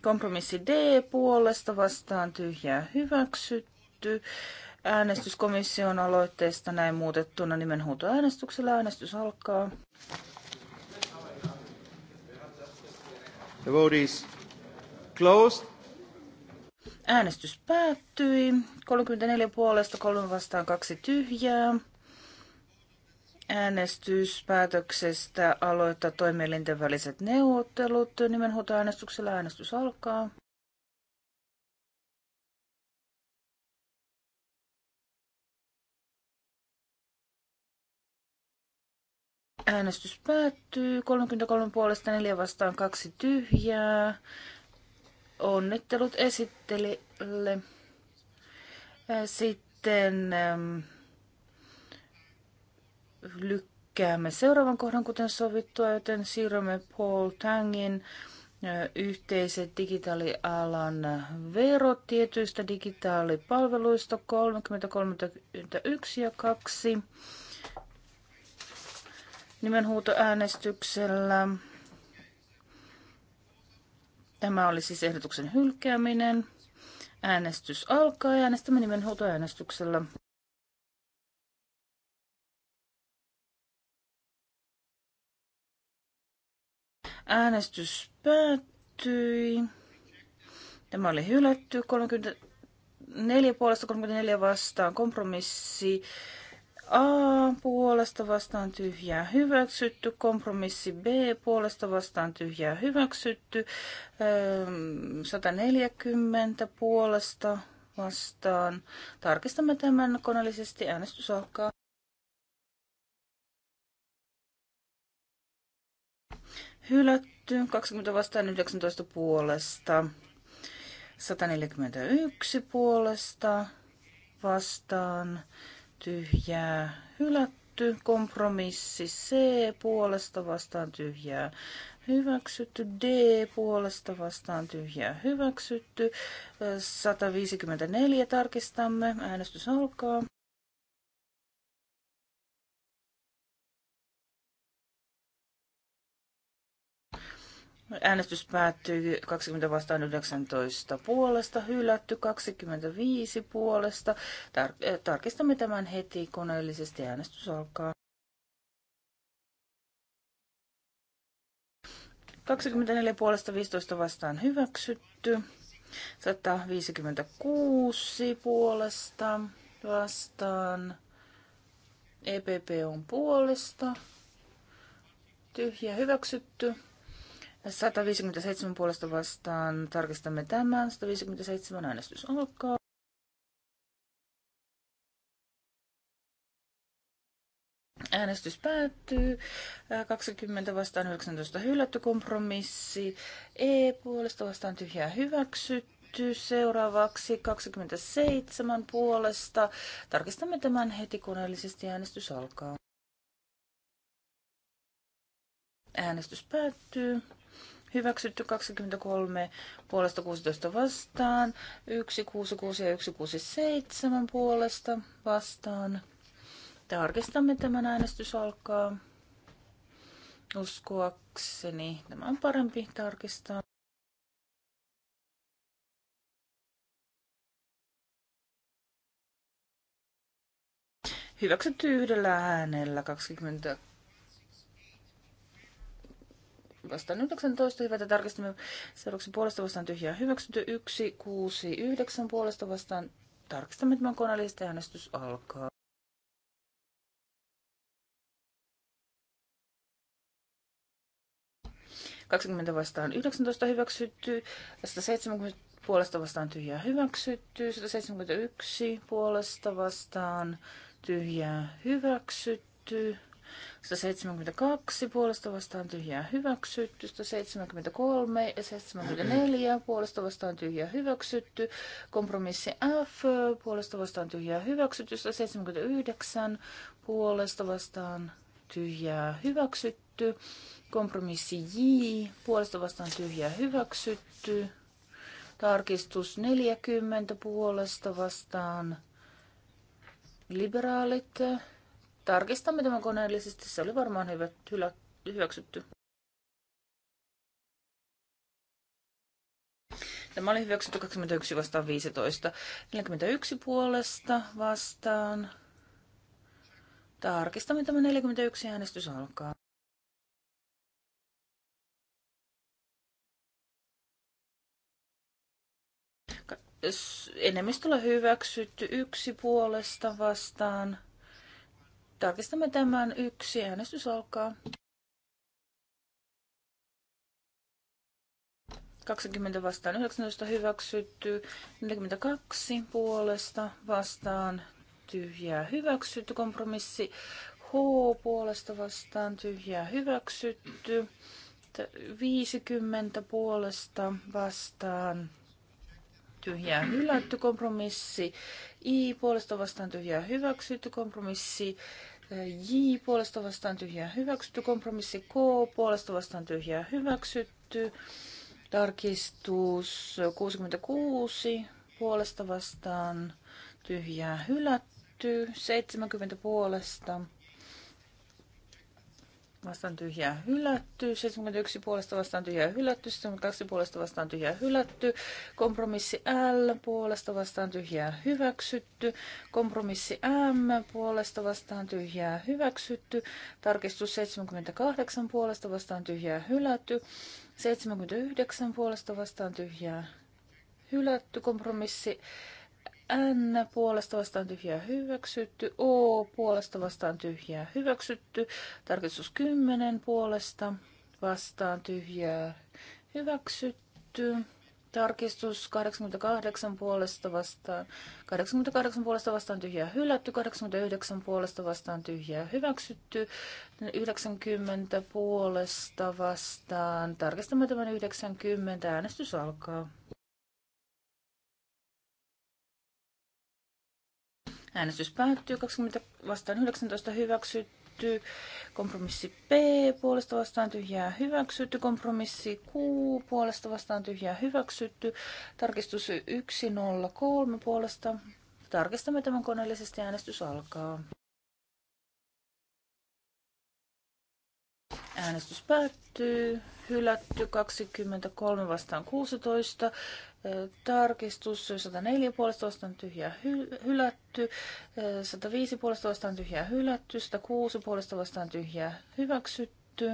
[SPEAKER 1] Kompromissi D puolesta vastaan tyhjää hyväksytty. Äänestyskomission aloitteesta näin muutettuna nimenhuutoäänestyksellä äänestys alkaa.
[SPEAKER 4] The vote is closed.
[SPEAKER 1] Äänestys päättyi. 34 puolesta, 3 vastaan, 2 tyhjää. Äänestyspäätöksestä aloittaa toimielinten väliset neuvottelut. äänestyksellä äänestys alkaa. Äänestys päättyy. 33 puolesta 4 vastaan kaksi tyhjää. Onnittelut esittelijälle. Sitten lykkäämme seuraavan kohdan, kuten sovittua, joten siirrymme Paul Tangin yhteiset digitaalialan verot tietyistä digitaalipalveluista 30, 31 ja 2 nimenhuutoäänestyksellä. Tämä oli siis ehdotuksen hylkääminen. Äänestys alkaa ja äänestämme nimenhuutoäänestyksellä. Äänestys päättyi. Tämä oli hylätty 34 puolesta 34 vastaan kompromissi A puolesta vastaan tyhjää hyväksytty. Kompromissi B puolesta vastaan tyhjää hyväksytty. 140 puolesta vastaan. Tarkistamme tämän koneellisesti. Äänestys alkaa. Hylätty. 20 vastaan 19 puolesta. 141 puolesta vastaan tyhjää hylätty. Kompromissi C puolesta vastaan tyhjää hyväksytty. D puolesta vastaan tyhjää hyväksytty. 154 tarkistamme. Äänestys alkaa. Äänestys päättyy 20 vastaan 19 puolesta, hylätty 25 puolesta. Tar- eh, tarkistamme tämän heti koneellisesti. Äänestys alkaa. 24 puolesta 15 vastaan hyväksytty. 156 puolesta vastaan. EPP on puolesta. Tyhjä hyväksytty. 157 puolesta vastaan tarkistamme tämän. 157 äänestys alkaa. Äänestys päättyy. 20 vastaan 19 hylätty kompromissi. E puolesta vastaan tyhjää hyväksytty. Seuraavaksi 27 puolesta. Tarkistamme tämän heti koneellisesti. Äänestys alkaa. Äänestys päättyy hyväksytty 23 puolesta 16 vastaan, 166 ja 167 puolesta vastaan. Tarkistamme tämän äänestys alkaa. Uskoakseni tämä on parempi tarkistaa. Hyväksytty yhdellä äänellä 20 vastaan 19, hyvätä tarkistamme seuraavaksi puolesta vastaan tyhjää hyväksytty, 1, 6, 9 puolesta vastaan tarkistamme tämän koneellisesti äänestys alkaa. Kaksikymmentä vastaan 19 hyväksytty, 170 puolesta vastaan tyhjää hyväksytty, 171 puolesta vastaan tyhjää hyväksytty. 172 puolesta vastaan tyhjää hyväksytty, 173 ja 74 puolesta vastaan tyhjää hyväksytty, kompromissi F puolesta vastaan tyhjää hyväksytty, 179 puolesta vastaan tyhjää hyväksytty, kompromissi J puolesta vastaan tyhjää hyväksytty, tarkistus 40 puolesta vastaan liberaalit Tarkistamme tämän koneellisesti. Se oli varmaan hyvä, hylä, hyväksytty. Tämä oli hyväksytty 21 vastaan 15. 41 puolesta vastaan. Tarkistamme tämä 41 äänestys alkaa. enemmistöllä hyväksytty yksi puolesta vastaan. Tarkistamme tämän yksi. Äänestys alkaa. 20 vastaan 19 hyväksytty, 42 puolesta vastaan tyhjää hyväksytty, kompromissi H puolesta vastaan tyhjää hyväksytty, 50 puolesta vastaan tyhjää hylätty kompromissi, I puolesta vastaan tyhjää hyväksytty kompromissi, J puolesta vastaan tyhjää hyväksytty. Kompromissi K puolesta vastaan tyhjää hyväksytty. Tarkistus 66 puolesta vastaan tyhjää hylätty. 70 puolesta vastaan tyhjää hylätty, 71 puolesta vastaan tyhjää hylätty, 72 puolesta vastaan tyhjää hylätty, kompromissi L puolesta vastaan tyhjää hyväksytty, kompromissi M puolesta vastaan tyhjää hyväksytty, tarkistus 78 puolesta vastaan tyhjää hylätty, 79 puolesta vastaan tyhjää hylätty, kompromissi N puolesta vastaan tyhjää hyväksytty. O puolesta vastaan tyhjää hyväksytty. Tarkistus 10 puolesta vastaan tyhjää hyväksytty. Tarkistus 88 puolesta vastaan. 88 puolesta vastaan tyhjää hylätty. 89 puolesta vastaan tyhjää hyväksytty. 90 puolesta vastaan. Tarkistamme tämän 90. Äänestys alkaa. Äänestys päättyy. 20 vastaan 19 hyväksytty. Kompromissi P puolesta vastaan tyhjää hyväksytty. Kompromissi Q puolesta vastaan tyhjää hyväksytty. Tarkistus 103 puolesta. Tarkistamme tämän koneellisesti. Äänestys alkaa. Äänestys päättyy. Hylätty 23 vastaan 16 tarkistus 104 puolesta on tyhjää hylätty, 105 puolesta on tyhjää hylätty, 106 puolesta vastaan tyhjää hyväksytty,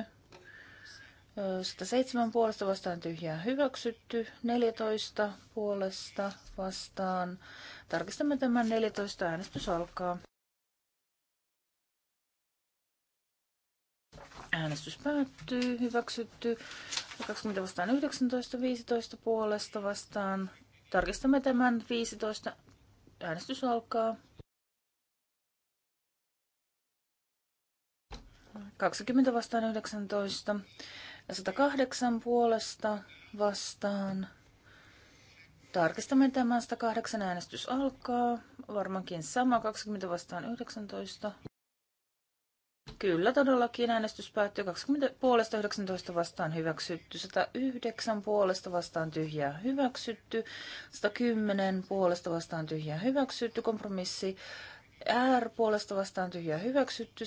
[SPEAKER 1] 107 puolesta vastaan tyhjää hyväksytty, 14 puolesta vastaan. Tarkistamme tämän 14, äänestys alkaa. Äänestys päättyy, hyväksytty. 20 vastaan 19, 15 puolesta vastaan. Tarkistamme tämän 15. Äänestys alkaa. 20 vastaan 19, 108 puolesta vastaan. Tarkistamme tämän 108 äänestys alkaa. Varmaankin sama 20 vastaan 19. Kyllä todellakin äänestys päättyi 20 puolesta 19 vastaan hyväksytty, 109 puolesta vastaan tyhjää hyväksytty, 110 puolesta vastaan tyhjää hyväksytty, kompromissi R puolesta vastaan tyhjää hyväksytty,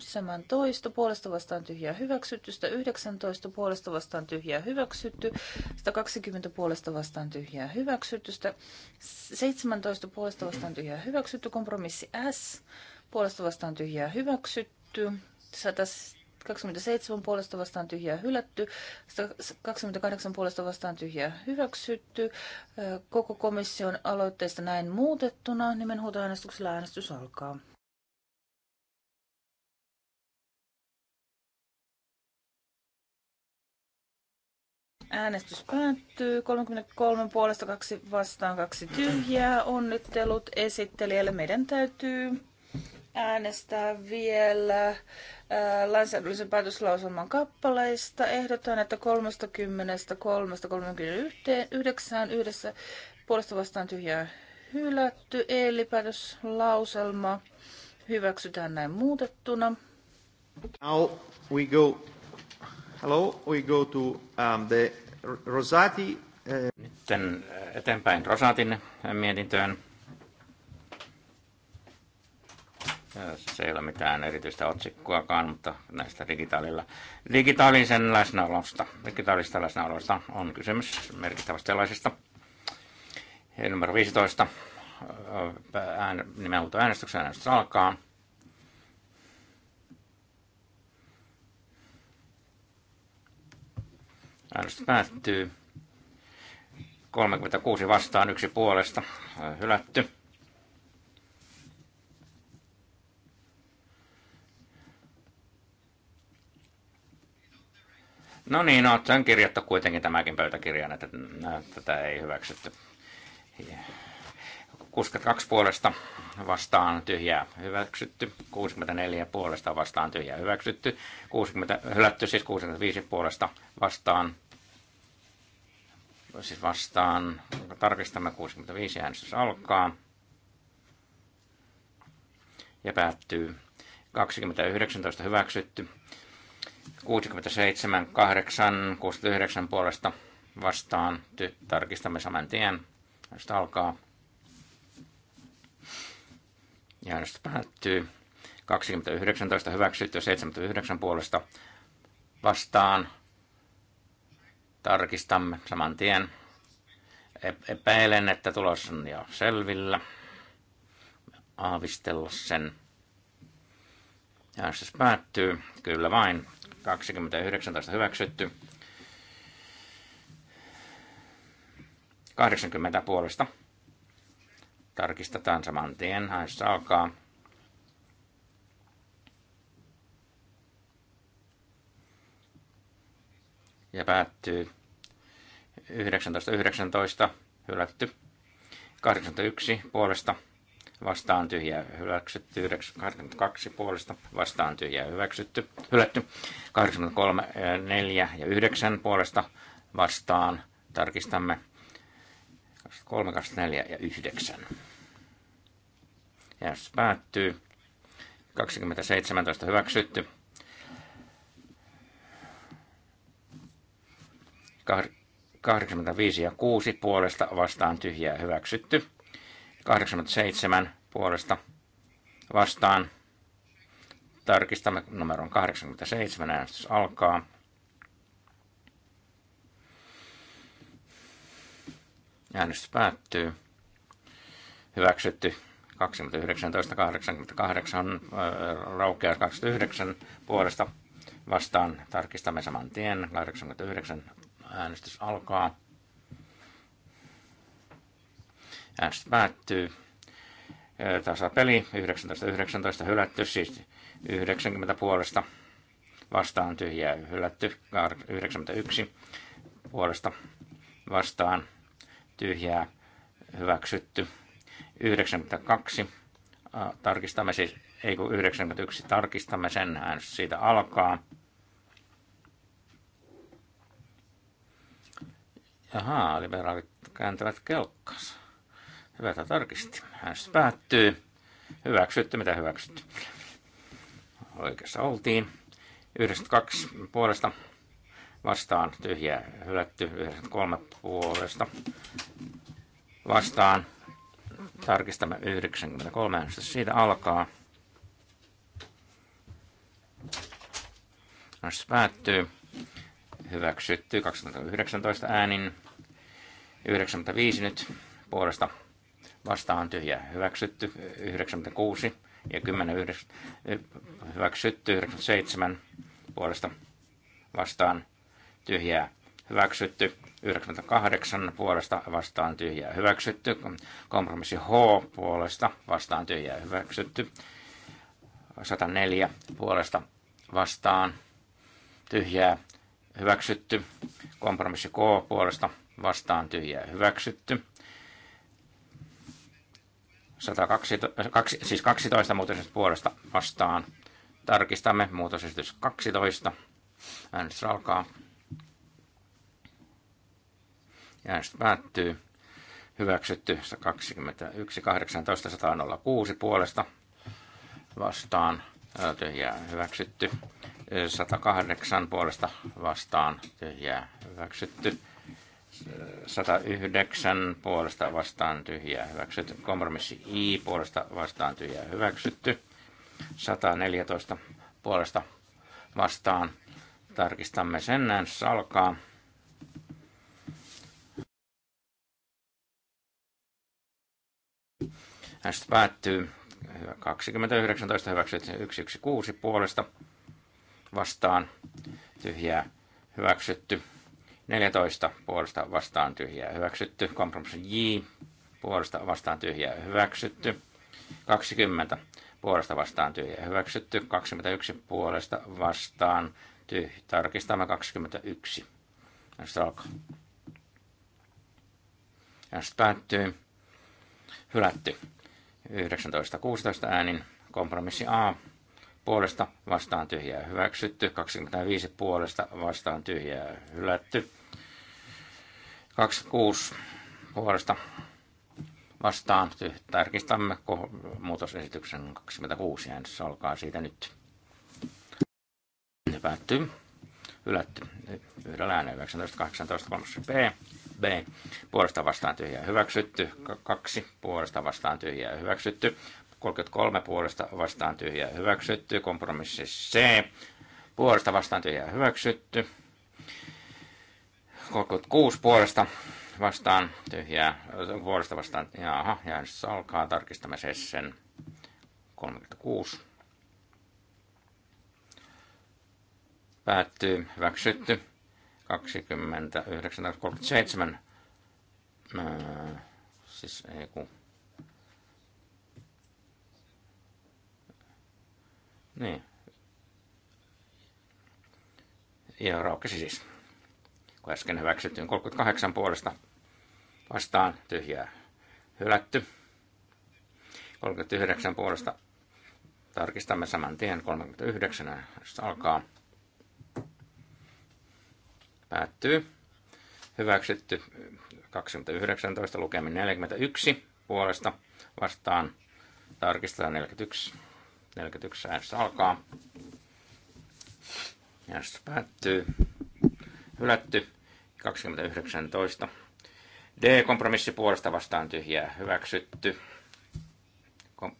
[SPEAKER 1] 17 puolesta vastaan tyhjää hyväksytty, 19 puolesta vastaan tyhjää hyväksytty, 120 puolesta vastaan tyhjää hyväksytty, 17 puolesta vastaan tyhjää hyväksytty, kompromissi S puolesta vastaan tyhjää hyväksytty, hylätty. 127 puolesta vastaan tyhjää hylätty. 128 puolesta vastaan tyhjää hyväksytty. Koko komission aloitteesta näin muutettuna nimenhuutoäänestyksellä äänestys alkaa. Äänestys päättyy. 33 puolesta kaksi vastaan kaksi tyhjää. Onnittelut esittelijälle. Meidän täytyy äänestää vielä äh, lainsäädännöllisen päätöslauselman kappaleista. Ehdotan, että 30.3.39 yhdessä puolesta vastaan tyhjää hylätty, eli päätöslauselma hyväksytään näin muutettuna.
[SPEAKER 4] Now we go, hello, we go to um, the Rosati. Uh...
[SPEAKER 3] Nyt äh, eteenpäin Rosatin mietintöön. Se ei ole mitään erityistä otsikkoakaan, mutta näistä digitaalilla, digitaalisen läsnäolosta, digitaalista läsnäolosta on kysymys merkittävästi sellaisesta. Numero 15 ään, nimenhuuto äänestyksen äänestys alkaa. Äänestys päättyy. 36 vastaan, yksi puolesta. Hylätty. No niin, no, sen kirjattu kuitenkin tämäkin pöytäkirjan, että tätä ei hyväksytty. 62 puolesta vastaan tyhjää hyväksytty, 64 puolesta vastaan tyhjää hyväksytty, 60, hylätty siis 65 puolesta vastaan, siis vastaan, tarkistamme 65 äänestys alkaa ja päättyy 2019 hyväksytty, 67, 8, 69 puolesta vastaan. Ty- tarkistamme saman tien. Äänestys alkaa. Ja äänestys päättyy. 2019 hyväksytty, 79 puolesta vastaan. Tarkistamme saman tien. E, epäilen, että tulos on jo selvillä. Aavistella sen. Äänestys päättyy. Kyllä vain. 2019 hyväksytty. 80 puolesta. Tarkistetaan saman tien, haissa alkaa. Ja päättyy 19.19. 19, hylätty. 81 puolesta vastaan tyhjä hyväksytty, 82 puolesta vastaan tyhjä hyväksytty, hylätty, 83, 4 ja 9 puolesta vastaan tarkistamme 3, 4 ja 9. Ja se päättyy, 2017 hyväksytty, 85 ja 6 puolesta vastaan tyhjää hyväksytty. 87 puolesta vastaan. Tarkistamme numeron 87. Äänestys alkaa. Äänestys päättyy. Hyväksytty 29.88, äh, raukeaa 29 puolesta vastaan. Tarkistamme saman tien. 89 äänestys alkaa. Äänestys päättyy. Tasapeli 19-19 hylätty, siis 90 puolesta vastaan tyhjää hylätty, 91 puolesta vastaan tyhjää hyväksytty, 92 tarkistamme siis, ei kun 91 tarkistamme, sen äänestys siitä alkaa. Ahaa, liberaalit kääntävät kelkkansa. Hyvä, että tarkisti. Äänestys päättyy. Hyväksytty, mitä hyväksytty. Oikeassa oltiin. 92 puolesta vastaan tyhjää hylätty. 93 puolesta vastaan. Tarkistamme 93 äänestys. Siitä alkaa. Äänestys päättyy. Hyväksytty 2019 äänin. 95 nyt puolesta vastaan tyhjää hyväksytty 96 ja 10 9, eh, hyväksytty 97 puolesta vastaan tyhjää hyväksytty 98 puolesta vastaan tyhjää hyväksytty kompromissi H puolesta vastaan tyhjää hyväksytty 104 puolesta vastaan tyhjää hyväksytty kompromissi K puolesta vastaan tyhjää hyväksytty 112, siis 12 muutosesitys puolesta vastaan. Tarkistamme muutosesitys 12. Äänestys alkaa. Äänestys päättyy. Hyväksytty 121, 18, 106 puolesta vastaan. Tyhjää hyväksytty. 108 puolesta vastaan. Tyhjää hyväksytty. 109 puolesta vastaan tyhjää hyväksytty. Kompromissi I puolesta vastaan tyhjää hyväksytty. 114 puolesta vastaan. Tarkistamme sen näin salkaa. Näistä päättyy. 2019 hyväksytty 116 puolesta vastaan. Tyhjää hyväksytty. 14 puolesta vastaan tyhjää hyväksytty. Kompromissi J puolesta vastaan tyhjää hyväksytty. 20 puolesta vastaan tyhjää hyväksytty. 21 puolesta vastaan tyhjää. Tarkistamme 21. Näistä alkaa. sitten päättyy. Hylätty. 19.16 äänin. Kompromissi A. Puolesta vastaan tyhjää hyväksytty. 25 puolesta vastaan tyhjää hylätty. 26 vuodesta vastaan. Tarkistamme muutosesityksen 26 äänessä. alkaa siitä nyt. Ne päättyy. Ylätty. Yhdellä äänellä 19, 18, B. B. Puolesta vastaan tyhjää hyväksytty. 2. Puolesta vastaan tyhjää hyväksytty. 33 puolesta vastaan tyhjää hyväksytty. Kompromissi C. Puolesta vastaan tyhjää hyväksytty. 36 puolesta vastaan tyhjää, puolesta vastaan, jaha, ja äänestys alkaa, tarkistamme sen 36. Päättyy, hyväksytty, 29, 37, öö, siis ei kun, niin, ja raukesi siis kun äsken hyväksyttyyn. 38 puolesta vastaan tyhjää hylätty. 39 puolesta tarkistamme saman tien. 39 alkaa. Päättyy. Hyväksytty 2019 lukemin 41 puolesta vastaan tarkistetaan 41. 41 äänestys alkaa. Ja päättyy. Hylätty 2019. D-kompromissi puolesta vastaan tyhjää hyväksytty. Kom-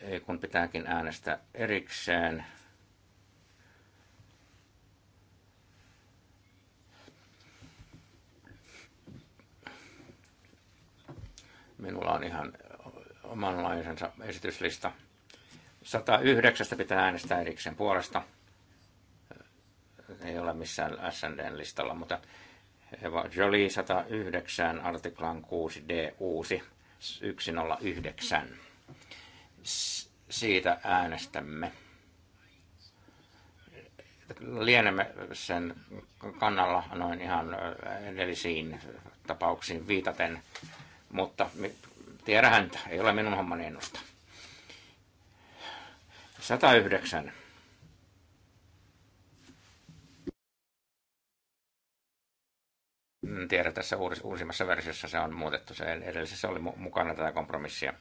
[SPEAKER 3] Ei kun pitääkin äänestää erikseen. Minulla on ihan omanlaisensa esityslista. 109 pitää äänestää erikseen puolesta ei ole missään SNDn listalla, mutta Jolie 109 artiklan 6D uusi 109. Siitä äänestämme. Lienemme sen kannalla noin ihan äh, edellisiin tapauksiin viitaten, mutta tiedä häntä, ei ole minun hommani ennusta. 109 tiedä, tässä uusimmassa versiossa se on muutettu. Se edellisessä oli mukana tätä kompromissia.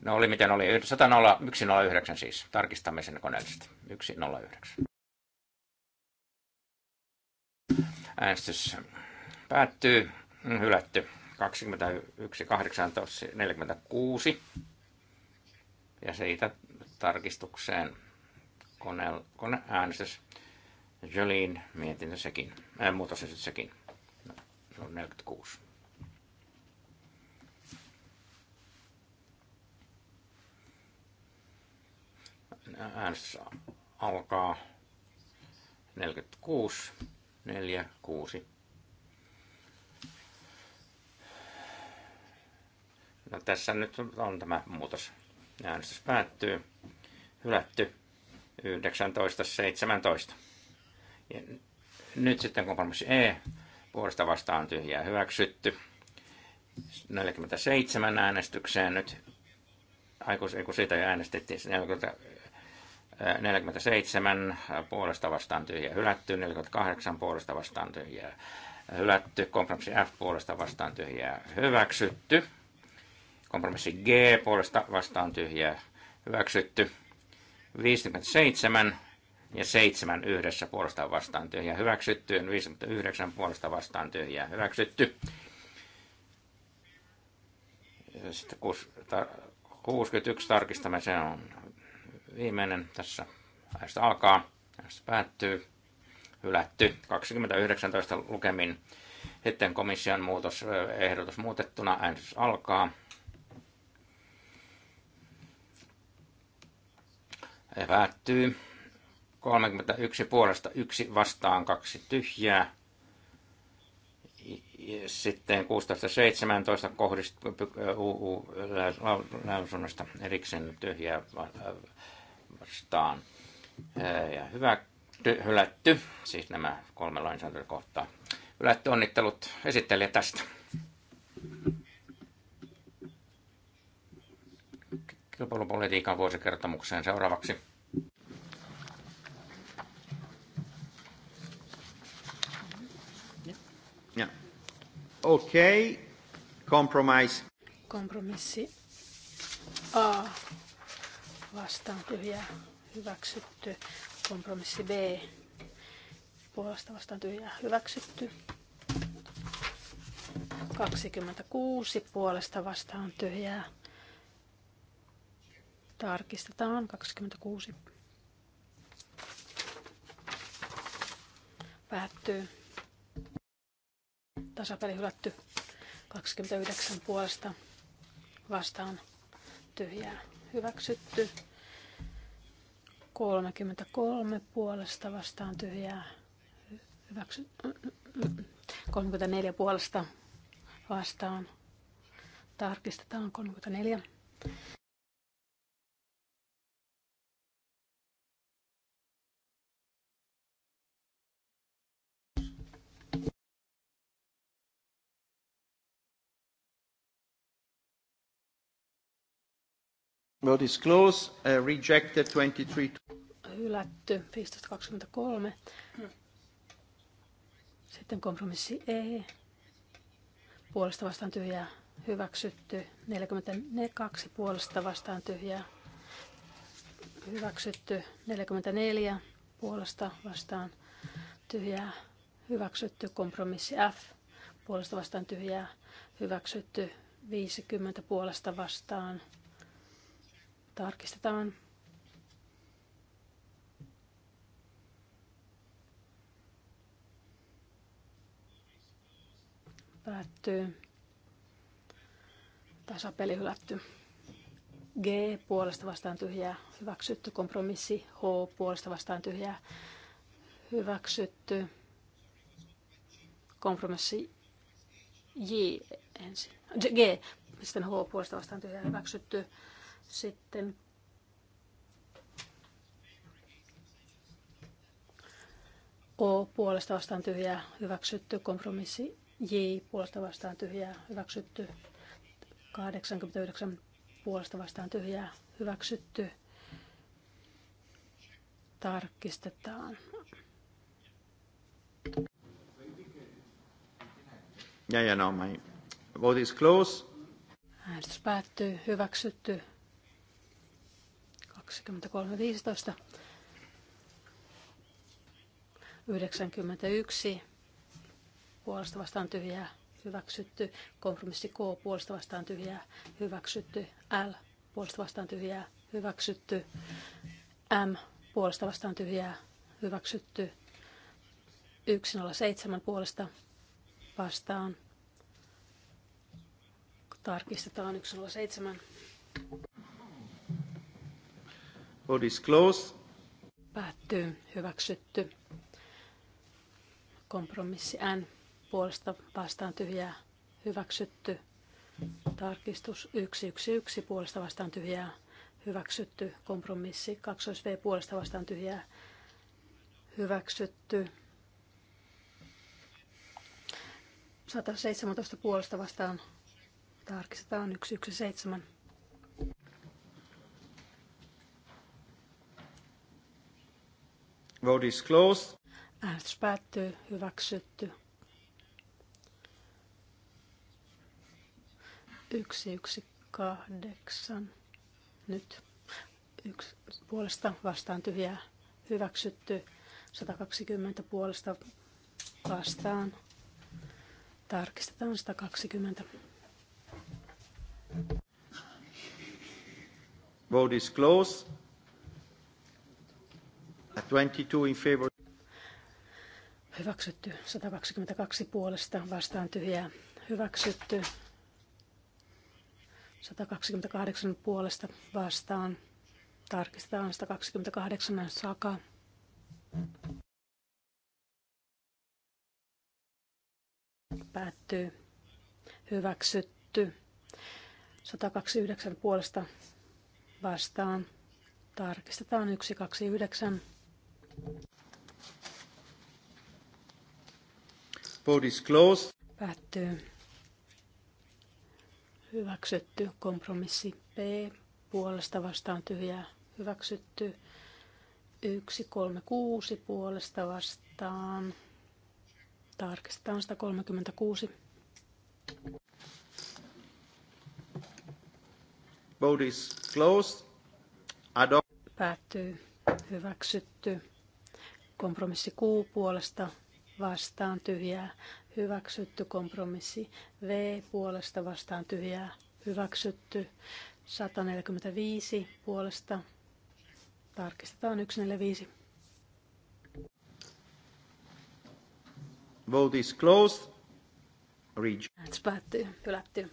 [SPEAKER 3] No oli miten oli, 109 siis, tarkistamme sen koneellisesti, 109. Äänestys päättyy, hylätty, 21, 18, 46. Ja siitä tarkistukseen kone, äänestys. Jolin mietintö sekin, äh, muutos sekin se on 46. Äänestys alkaa 46, 4, 6. No tässä nyt on tämä muutos. Äänestys päättyy. Hylätty 19, 17. Ja nyt sitten kompromissi E Puolesta vastaan tyhjää hyväksytty. 47 äänestykseen nyt. Aikus, kun siitä jo äänestettiin, 40, 47 puolesta vastaan tyhjää hylätty, 48 puolesta vastaan tyhjää hylätty, kompromissi F puolesta vastaan tyhjää hyväksytty, kompromissi G puolesta vastaan tyhjää hyväksytty, 57 ja seitsemän yhdessä puolesta vastaan tyhjää hyväksytty, 59 puolesta vastaan tyhjää hyväksytty. Sitten 61 tarkistamme, se on viimeinen tässä. Näistä alkaa, näistä päättyy, hylätty 2019 lukemin. Sitten komission muutos, ehdotus muutettuna, äänestys alkaa. Ja päättyy. 31 puolesta, yksi vastaan, kaksi tyhjää. Sitten 16.17 kohdista UU-lausunnosta erikseen tyhjää vastaan. Ja hyvä, ty, hylätty, siis nämä kolme lainsäädäntökohtaa. Hylätty onnittelut esittelijä tästä. Kilpailupolitiikan vuosikertomukseen seuraavaksi.
[SPEAKER 4] Okay. Compromise.
[SPEAKER 2] Kompromissi A. Vastaan tyhjä. Hyväksytty. Kompromissi B. Puolesta vastaan tyhjä. Hyväksytty. 26 puolesta vastaan tyhjää. Tarkistetaan 26. Päättyy tasapeli hylätty 29 puolesta vastaan tyhjää hyväksytty. 33 puolesta vastaan tyhjää hyväksy... 34 puolesta vastaan. Tarkistetaan 34.
[SPEAKER 4] Vote is closed. Uh, rejected 23.
[SPEAKER 2] Hylätty 15.23. Sitten kompromissi E. Puolesta vastaan tyhjää. Hyväksytty 42. Puolesta vastaan tyhjää. Hyväksytty 44. Puolesta vastaan tyhjää. Hyväksytty kompromissi F. Puolesta vastaan tyhjää. Hyväksytty 50 puolesta vastaan Tarkistetaan. Päättyy. Tasapeli hylätty. G puolesta vastaan tyhjää hyväksytty. Kompromissi H puolesta vastaan tyhjää hyväksytty. Kompromissi J ensin. G, sitten H puolesta vastaan tyhjää hyväksytty. Sitten O puolesta vastaan tyhjää hyväksytty. Kompromissi J puolesta vastaan tyhjää hyväksytty. 89 puolesta vastaan tyhjää hyväksytty. Tarkistetaan.
[SPEAKER 4] Yeah, yeah, no, my vote is
[SPEAKER 2] close. Äänestys päättyy. Hyväksytty 15, 91 puolesta vastaan tyhjää hyväksytty. Kompromissi K puolesta vastaan tyhjää hyväksytty. L puolesta vastaan tyhjää hyväksytty. M puolesta vastaan tyhjää hyväksytty. 107 puolesta vastaan. Tarkistetaan 107. Päättyy. Hyväksytty. Kompromissi N puolesta vastaan tyhjää. Hyväksytty. Tarkistus 111 puolesta vastaan tyhjää. Hyväksytty. Kompromissi 2 V puolesta vastaan tyhjää. Hyväksytty. 117 puolesta vastaan tarkistetaan 117.
[SPEAKER 4] Vote is closed.
[SPEAKER 2] Äänestys päättyy. Hyväksytty. kahdeksan. Nyt yksi puolesta vastaan tyhjää hyväksytty. 120 puolesta vastaan. Tarkistetaan 120.
[SPEAKER 4] Vote is closed. 22 in favor.
[SPEAKER 2] Hyväksytty 122 puolesta vastaan tyhjää. Hyväksytty 128 puolesta vastaan. Tarkistetaan 128 saka. Päättyy. Hyväksytty. 129 puolesta vastaan. Tarkistetaan 129.
[SPEAKER 4] Vote is closed.
[SPEAKER 2] Päättyy. Hyväksytty. Kompromissi P. Puolesta vastaan tyhjää. Hyväksytty. 136 puolesta vastaan. Tarkistetaan 136.
[SPEAKER 4] Vote is closed. Adopt.
[SPEAKER 2] Päättyy. Hyväksytty. Kompromissi Q puolesta vastaan tyhjää hyväksytty. Kompromissi V puolesta vastaan tyhjää hyväksytty. 145 puolesta tarkistetaan 145.
[SPEAKER 4] Vote is closed. Reach.
[SPEAKER 2] Äänestys päättyy. Hylätty.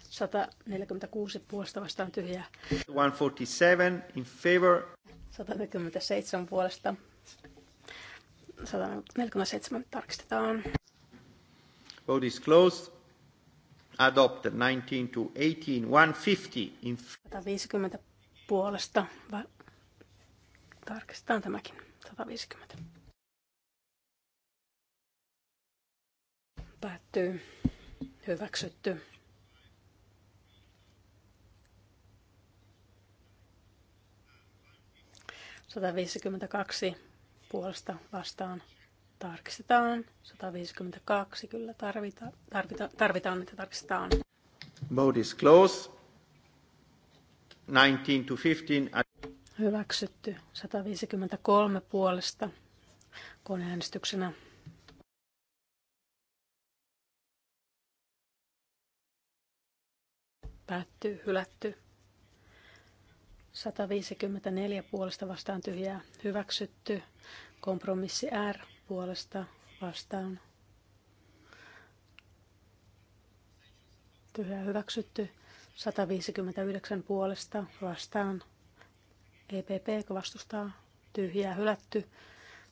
[SPEAKER 2] 146 puolesta vastaan tyhjää.
[SPEAKER 4] 147 in favor.
[SPEAKER 2] 147 puolesta 147 tarkistetaan.
[SPEAKER 4] Vote is closed. Adopted 19 to 18, 150. In...
[SPEAKER 2] 150 puolesta. Va- Tarkistetaan tämäkin. 150. Päättyy. Hyväksytty. Sataviisikymmentäkaksi puolesta vastaan tarkistetaan. 152 kyllä tarvita, tarvita, tarvitaan, että tarkistetaan.
[SPEAKER 4] Vote is close. 19 to 15.
[SPEAKER 2] Hyväksytty 153 puolesta koneäänestyksenä. Päättyy, hylätty. 154 puolesta vastaan tyhjää hyväksytty. Kompromissi R puolesta vastaan tyhjää hyväksytty. 159 puolesta vastaan EPP vastustaa tyhjää hylätty.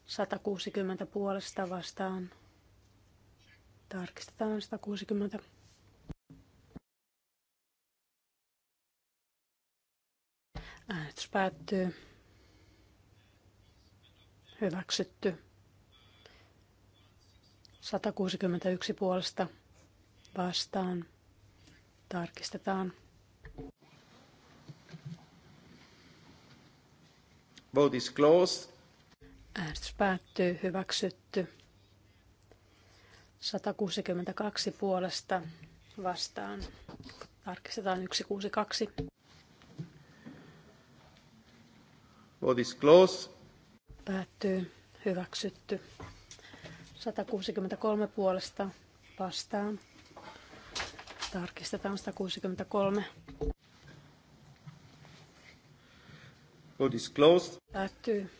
[SPEAKER 2] 160 puolesta vastaan tarkistetaan 160 päättyy. Hyväksytty. 161 puolesta vastaan. Tarkistetaan.
[SPEAKER 4] Vote is closed.
[SPEAKER 2] Äänestys päättyy. Hyväksytty. 162 puolesta vastaan. Tarkistetaan 162.
[SPEAKER 4] Vote is close.
[SPEAKER 2] Päättyy. Hyväksytty. 163 puolesta vastaan. Tarkistetaan 163.
[SPEAKER 4] Vote is closed.
[SPEAKER 2] Päättyy.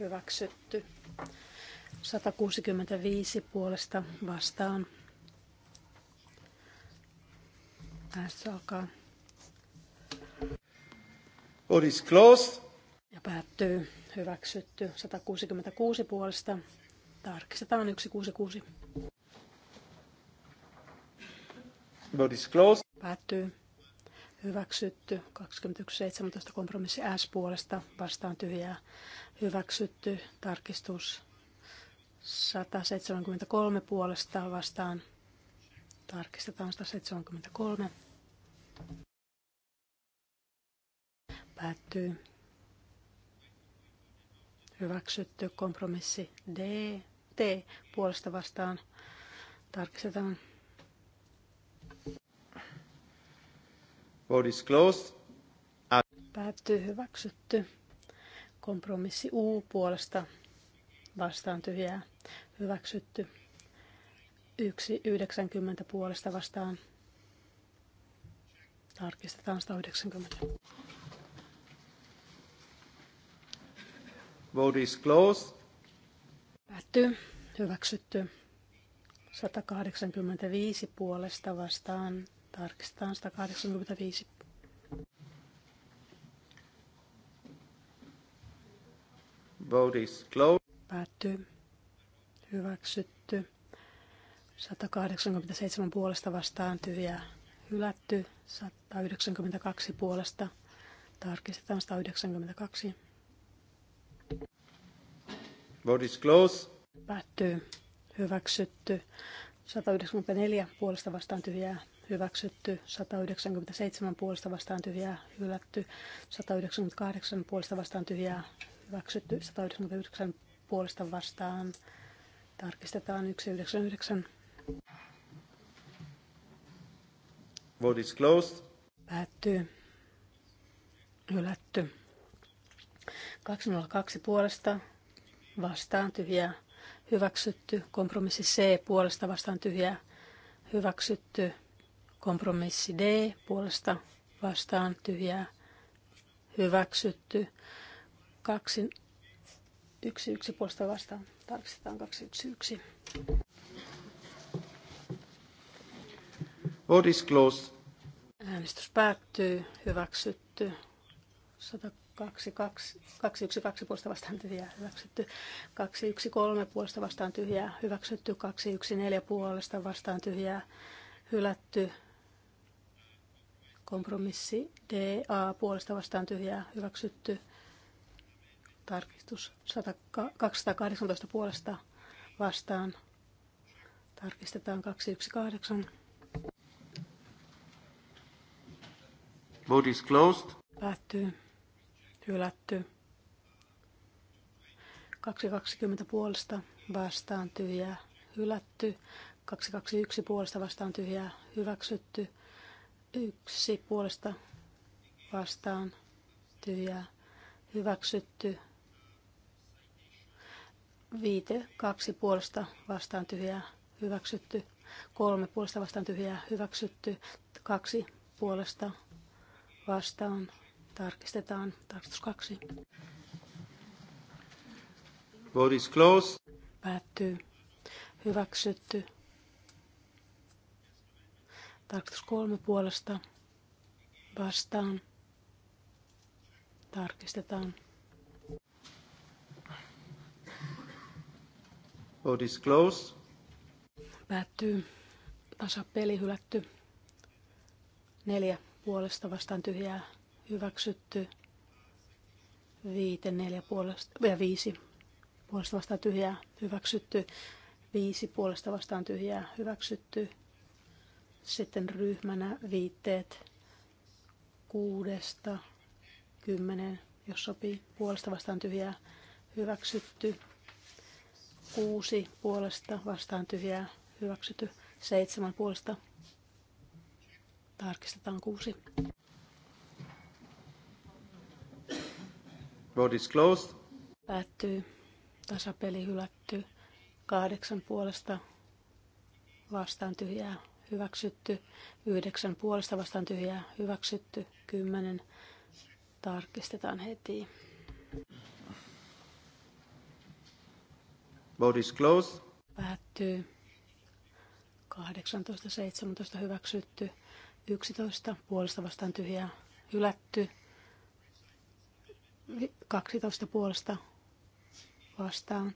[SPEAKER 2] Hyväksytty. 165 puolesta vastaan. Äänestys alkaa. Vote is closed. Päättyy. Hyväksytty. 166 puolesta. Tarkistetaan 166. Päättyy. Hyväksytty. 21.17 kompromissi S puolesta. Vastaan tyhjää. Hyväksytty. Tarkistus. 173 puolesta vastaan. Tarkistetaan 173. Päättyy hyväksytty kompromissi D, T puolesta vastaan tarkistetaan.
[SPEAKER 4] Vote is closed.
[SPEAKER 2] Päättyy hyväksytty. Kompromissi U puolesta vastaan tyhjää hyväksytty. 1,90 puolesta vastaan. Tarkistetaan 190.
[SPEAKER 4] Vote is closed.
[SPEAKER 2] Päättyy. Hyväksytty. 185 puolesta vastaan. Tarkistetaan 185.
[SPEAKER 4] Vote is closed.
[SPEAKER 2] Päättyy. Hyväksytty. 187 puolesta vastaan tyhjää hylätty. 192 puolesta. Tarkistetaan 192.
[SPEAKER 4] Vote is close.
[SPEAKER 2] Päättyy. Hyväksytty. 194 puolesta vastaan tyhjää hyväksytty, 197 puolesta vastaan tyhjää hylätty, 198 puolesta vastaan tyhjää hyväksytty, 199 puolesta vastaan tarkistetaan 199.
[SPEAKER 4] Vote is closed.
[SPEAKER 2] Päättyy. Hylätty. 202 puolesta vastaan tyhjää hyväksytty. Kompromissi C puolesta vastaan tyhjää hyväksytty. Kompromissi D puolesta vastaan tyhjää hyväksytty. Kaksi, yksi, yksi puolesta vastaan. Tarkistetaan kaksi, yksi, yksi.
[SPEAKER 4] Vote is closed.
[SPEAKER 2] Äänestys päättyy. Hyväksytty. 100 212 puolesta vastaan tyhjää hyväksytty, 213 puolesta vastaan tyhjää hyväksytty, 214 puolesta vastaan tyhjää hylätty, kompromissi DA puolesta vastaan tyhjää hyväksytty, tarkistus 218 puolesta vastaan, tarkistetaan 218.
[SPEAKER 4] Vote is closed.
[SPEAKER 2] Päättyy hylätty. 220 puolesta vastaan tyhjää hylätty. 221 puolesta vastaan tyhjää hyväksytty. 1 puolesta vastaan tyhjää hyväksytty. Viite, kaksi puolesta vastaan tyhjää hyväksytty. Kolme puolesta vastaan tyhjää hyväksytty. Kaksi puolesta vastaan Tarkistetaan. Tarkistus kaksi.
[SPEAKER 4] Vote is closed.
[SPEAKER 2] Päättyy. Hyväksytty. Tarkistus kolme puolesta. Vastaan. Tarkistetaan.
[SPEAKER 4] Vote is closed.
[SPEAKER 2] Päättyy. Tasapeli hylätty. Neljä puolesta vastaan tyhjää hyväksytty. viite neljä puolesta ja eh, viisi puolesta vastaan tyhjää hyväksytty. viisi puolesta vastaan tyhjää hyväksytty. Sitten ryhmänä viitteet kuudesta kymmenen, jos sopii puolesta vastaan tyhjää hyväksytty. Kuusi puolesta vastaan tyhjää hyväksytty. Seitsemän puolesta tarkistetaan kuusi.
[SPEAKER 4] Vote is closed.
[SPEAKER 2] Päättyy. Tasapeli hylätty. Kahdeksan puolesta vastaan tyhjää hyväksytty. Yhdeksän puolesta vastaan tyhjää hyväksytty. Kymmenen tarkistetaan heti.
[SPEAKER 4] Vote is closed.
[SPEAKER 2] Päättyy. 18, 17 hyväksytty. 11 puolesta vastaan tyhjää hylätty. 12 puolesta vastaan.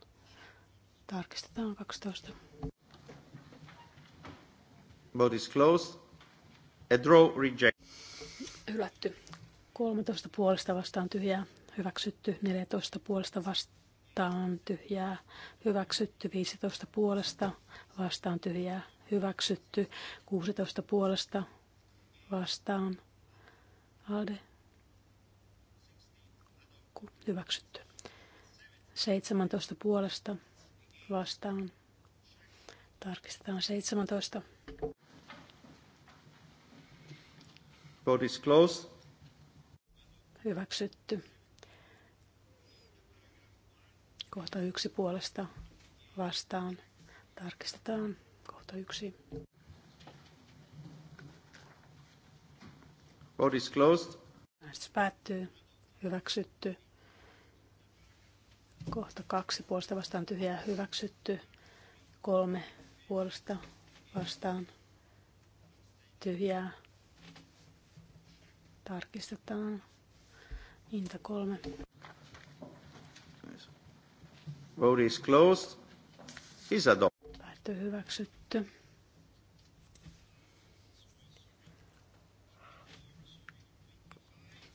[SPEAKER 2] Tarkistetaan 12.
[SPEAKER 4] Vote is closed. A draw reject.
[SPEAKER 2] Hylätty. 13 puolesta vastaan tyhjää. Hyväksytty. 14 puolesta vastaan tyhjää. Hyväksytty. 15 puolesta vastaan tyhjää. Hyväksytty. 16 puolesta vastaan. Alde Jatkuu. Hyväksytty. 17 puolesta vastaan. Tarkistetaan 17.
[SPEAKER 4] Vote is closed.
[SPEAKER 2] Hyväksytty. Kohta yksi puolesta vastaan. Tarkistetaan. Kohta yksi.
[SPEAKER 4] Vote is closed.
[SPEAKER 2] Äänestys päättyy. Hyväksytty. Kohta kaksi puolesta vastaan tyhjää hyväksytty. Kolme puolesta vastaan tyhjää. Tarkistetaan. hinta kolme.
[SPEAKER 4] Vote is closed. Is adopted.
[SPEAKER 2] hyväksytty.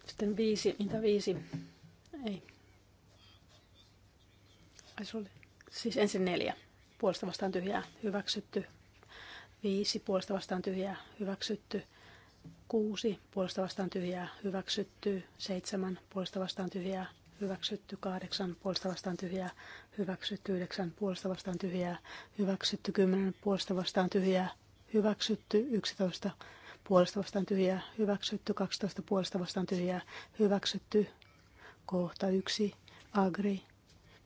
[SPEAKER 2] Sitten viisi, mitä viisi? Ei. Siis ensin neljä. Puolesta vastaan tyhjää hyväksytty. Viisi. Puolesta vastaan tyhjää hyväksytty. Kuusi. Puolesta vastaan tyhjää hyväksytty. Seitsemän. Puolesta vastaan tyhjää hyväksytty. Kahdeksan. Puolesta vastaan tyhjää hyväksytty. Yhdeksän. Puolesta vastaan tyhjää hyväksytty. Kymmenen. Puolesta vastaan tyhjää hyväksytty. Yksitoista puolesta vastaan tyhjää, hyväksytty, kaksitoista puolesta vastaan tyhjää, hyväksytty, kohta yksi agri,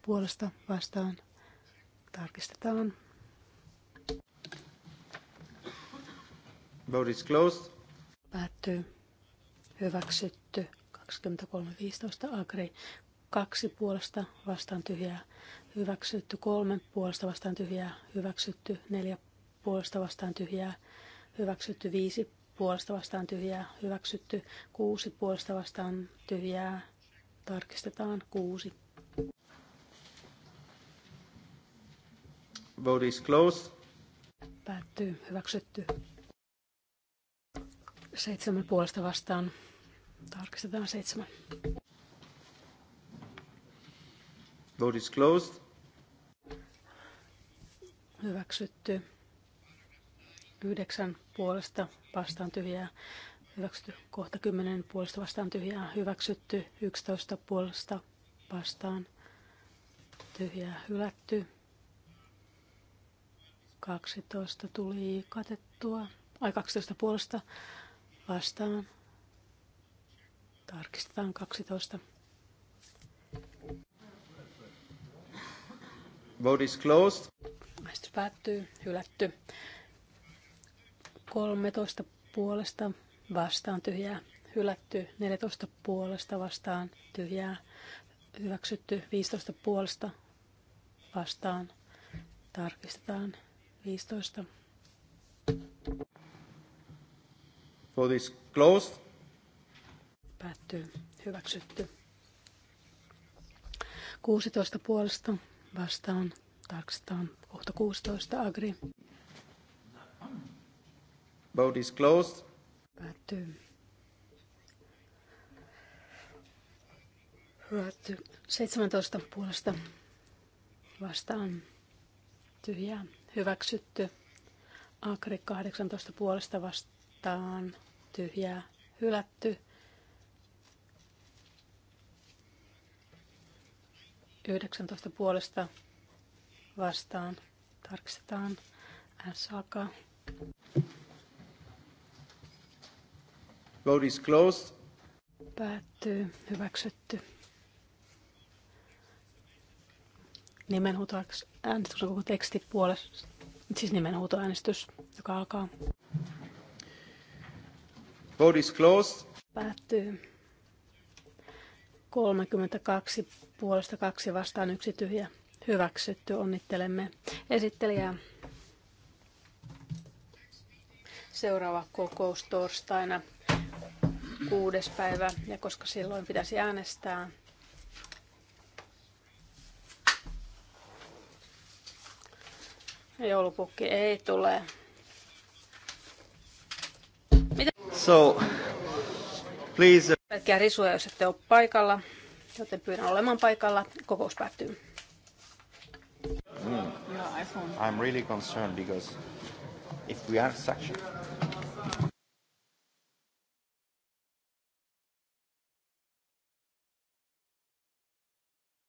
[SPEAKER 2] puolesta vastaan tarkistetaan.
[SPEAKER 4] Vote is closed.
[SPEAKER 2] Päättyy. Hyväksytty. 23.15 agri. Kaksi puolesta vastaan tyhjää. Hyväksytty. Kolme puolesta vastaan tyhjää. Hyväksytty. Neljä puolesta vastaan tyhjää. Hyväksytty. Viisi puolesta vastaan tyhjää. Hyväksytty. Kuusi puolesta vastaan tyhjää. Tarkistetaan. Kuusi.
[SPEAKER 4] Vote is closed.
[SPEAKER 2] Päättyy. Hyväksytty. Seitsemän puolesta vastaan. Tarkistetaan seitsemän.
[SPEAKER 4] Vote is closed.
[SPEAKER 2] Hyväksytty. Yhdeksän puolesta vastaan tyhjää. Hyväksytty. Kohta kymmenen puolesta vastaan tyhjää. Hyväksytty. Yksitoista puolesta vastaan tyhjää. Hylätty. 12 tuli katettua, ai 12 puolesta vastaan. Tarkistetaan 12.
[SPEAKER 4] Vote is closed.
[SPEAKER 2] Maistus päättyy, hylätty. 13 puolesta vastaan tyhjää, hylätty. 14 puolesta vastaan tyhjää, hyväksytty. 15 puolesta vastaan tarkistetaan 15.
[SPEAKER 4] Vote is closed.
[SPEAKER 2] Päättyy. Hyväksytty. 16 puolesta vastaan tarkistetaan kohta 16 agri.
[SPEAKER 4] Vote is closed.
[SPEAKER 2] Päättyy. Hylätty. 17 puolesta vastaan tyhjää hyväksytty. Akri 18 puolesta vastaan tyhjää hylätty. Yhdeksäntoista puolesta vastaan tarkistetaan. S alkaa.
[SPEAKER 4] Vote is closed.
[SPEAKER 2] Päättyy. Hyväksytty. Nimenhuutoäänestys on koko teksti puolesta. Siis nimenhuutoäänestys, joka alkaa.
[SPEAKER 4] Vote is closed.
[SPEAKER 2] Päättyy. 32 puolesta kaksi vastaan yksi tyhjä. Hyväksytty. Onnittelemme esittelijää. Seuraava kokous torstaina kuudes päivä ja koska silloin pitäisi äänestää, Joulupukki ei tule. Mitä?
[SPEAKER 4] So, please. Uh,
[SPEAKER 2] Pelkkää risuja, jos ette ole paikalla, joten pyydän olemaan paikalla. Kokous päättyy.
[SPEAKER 4] Mm. I'm really concerned because if we are such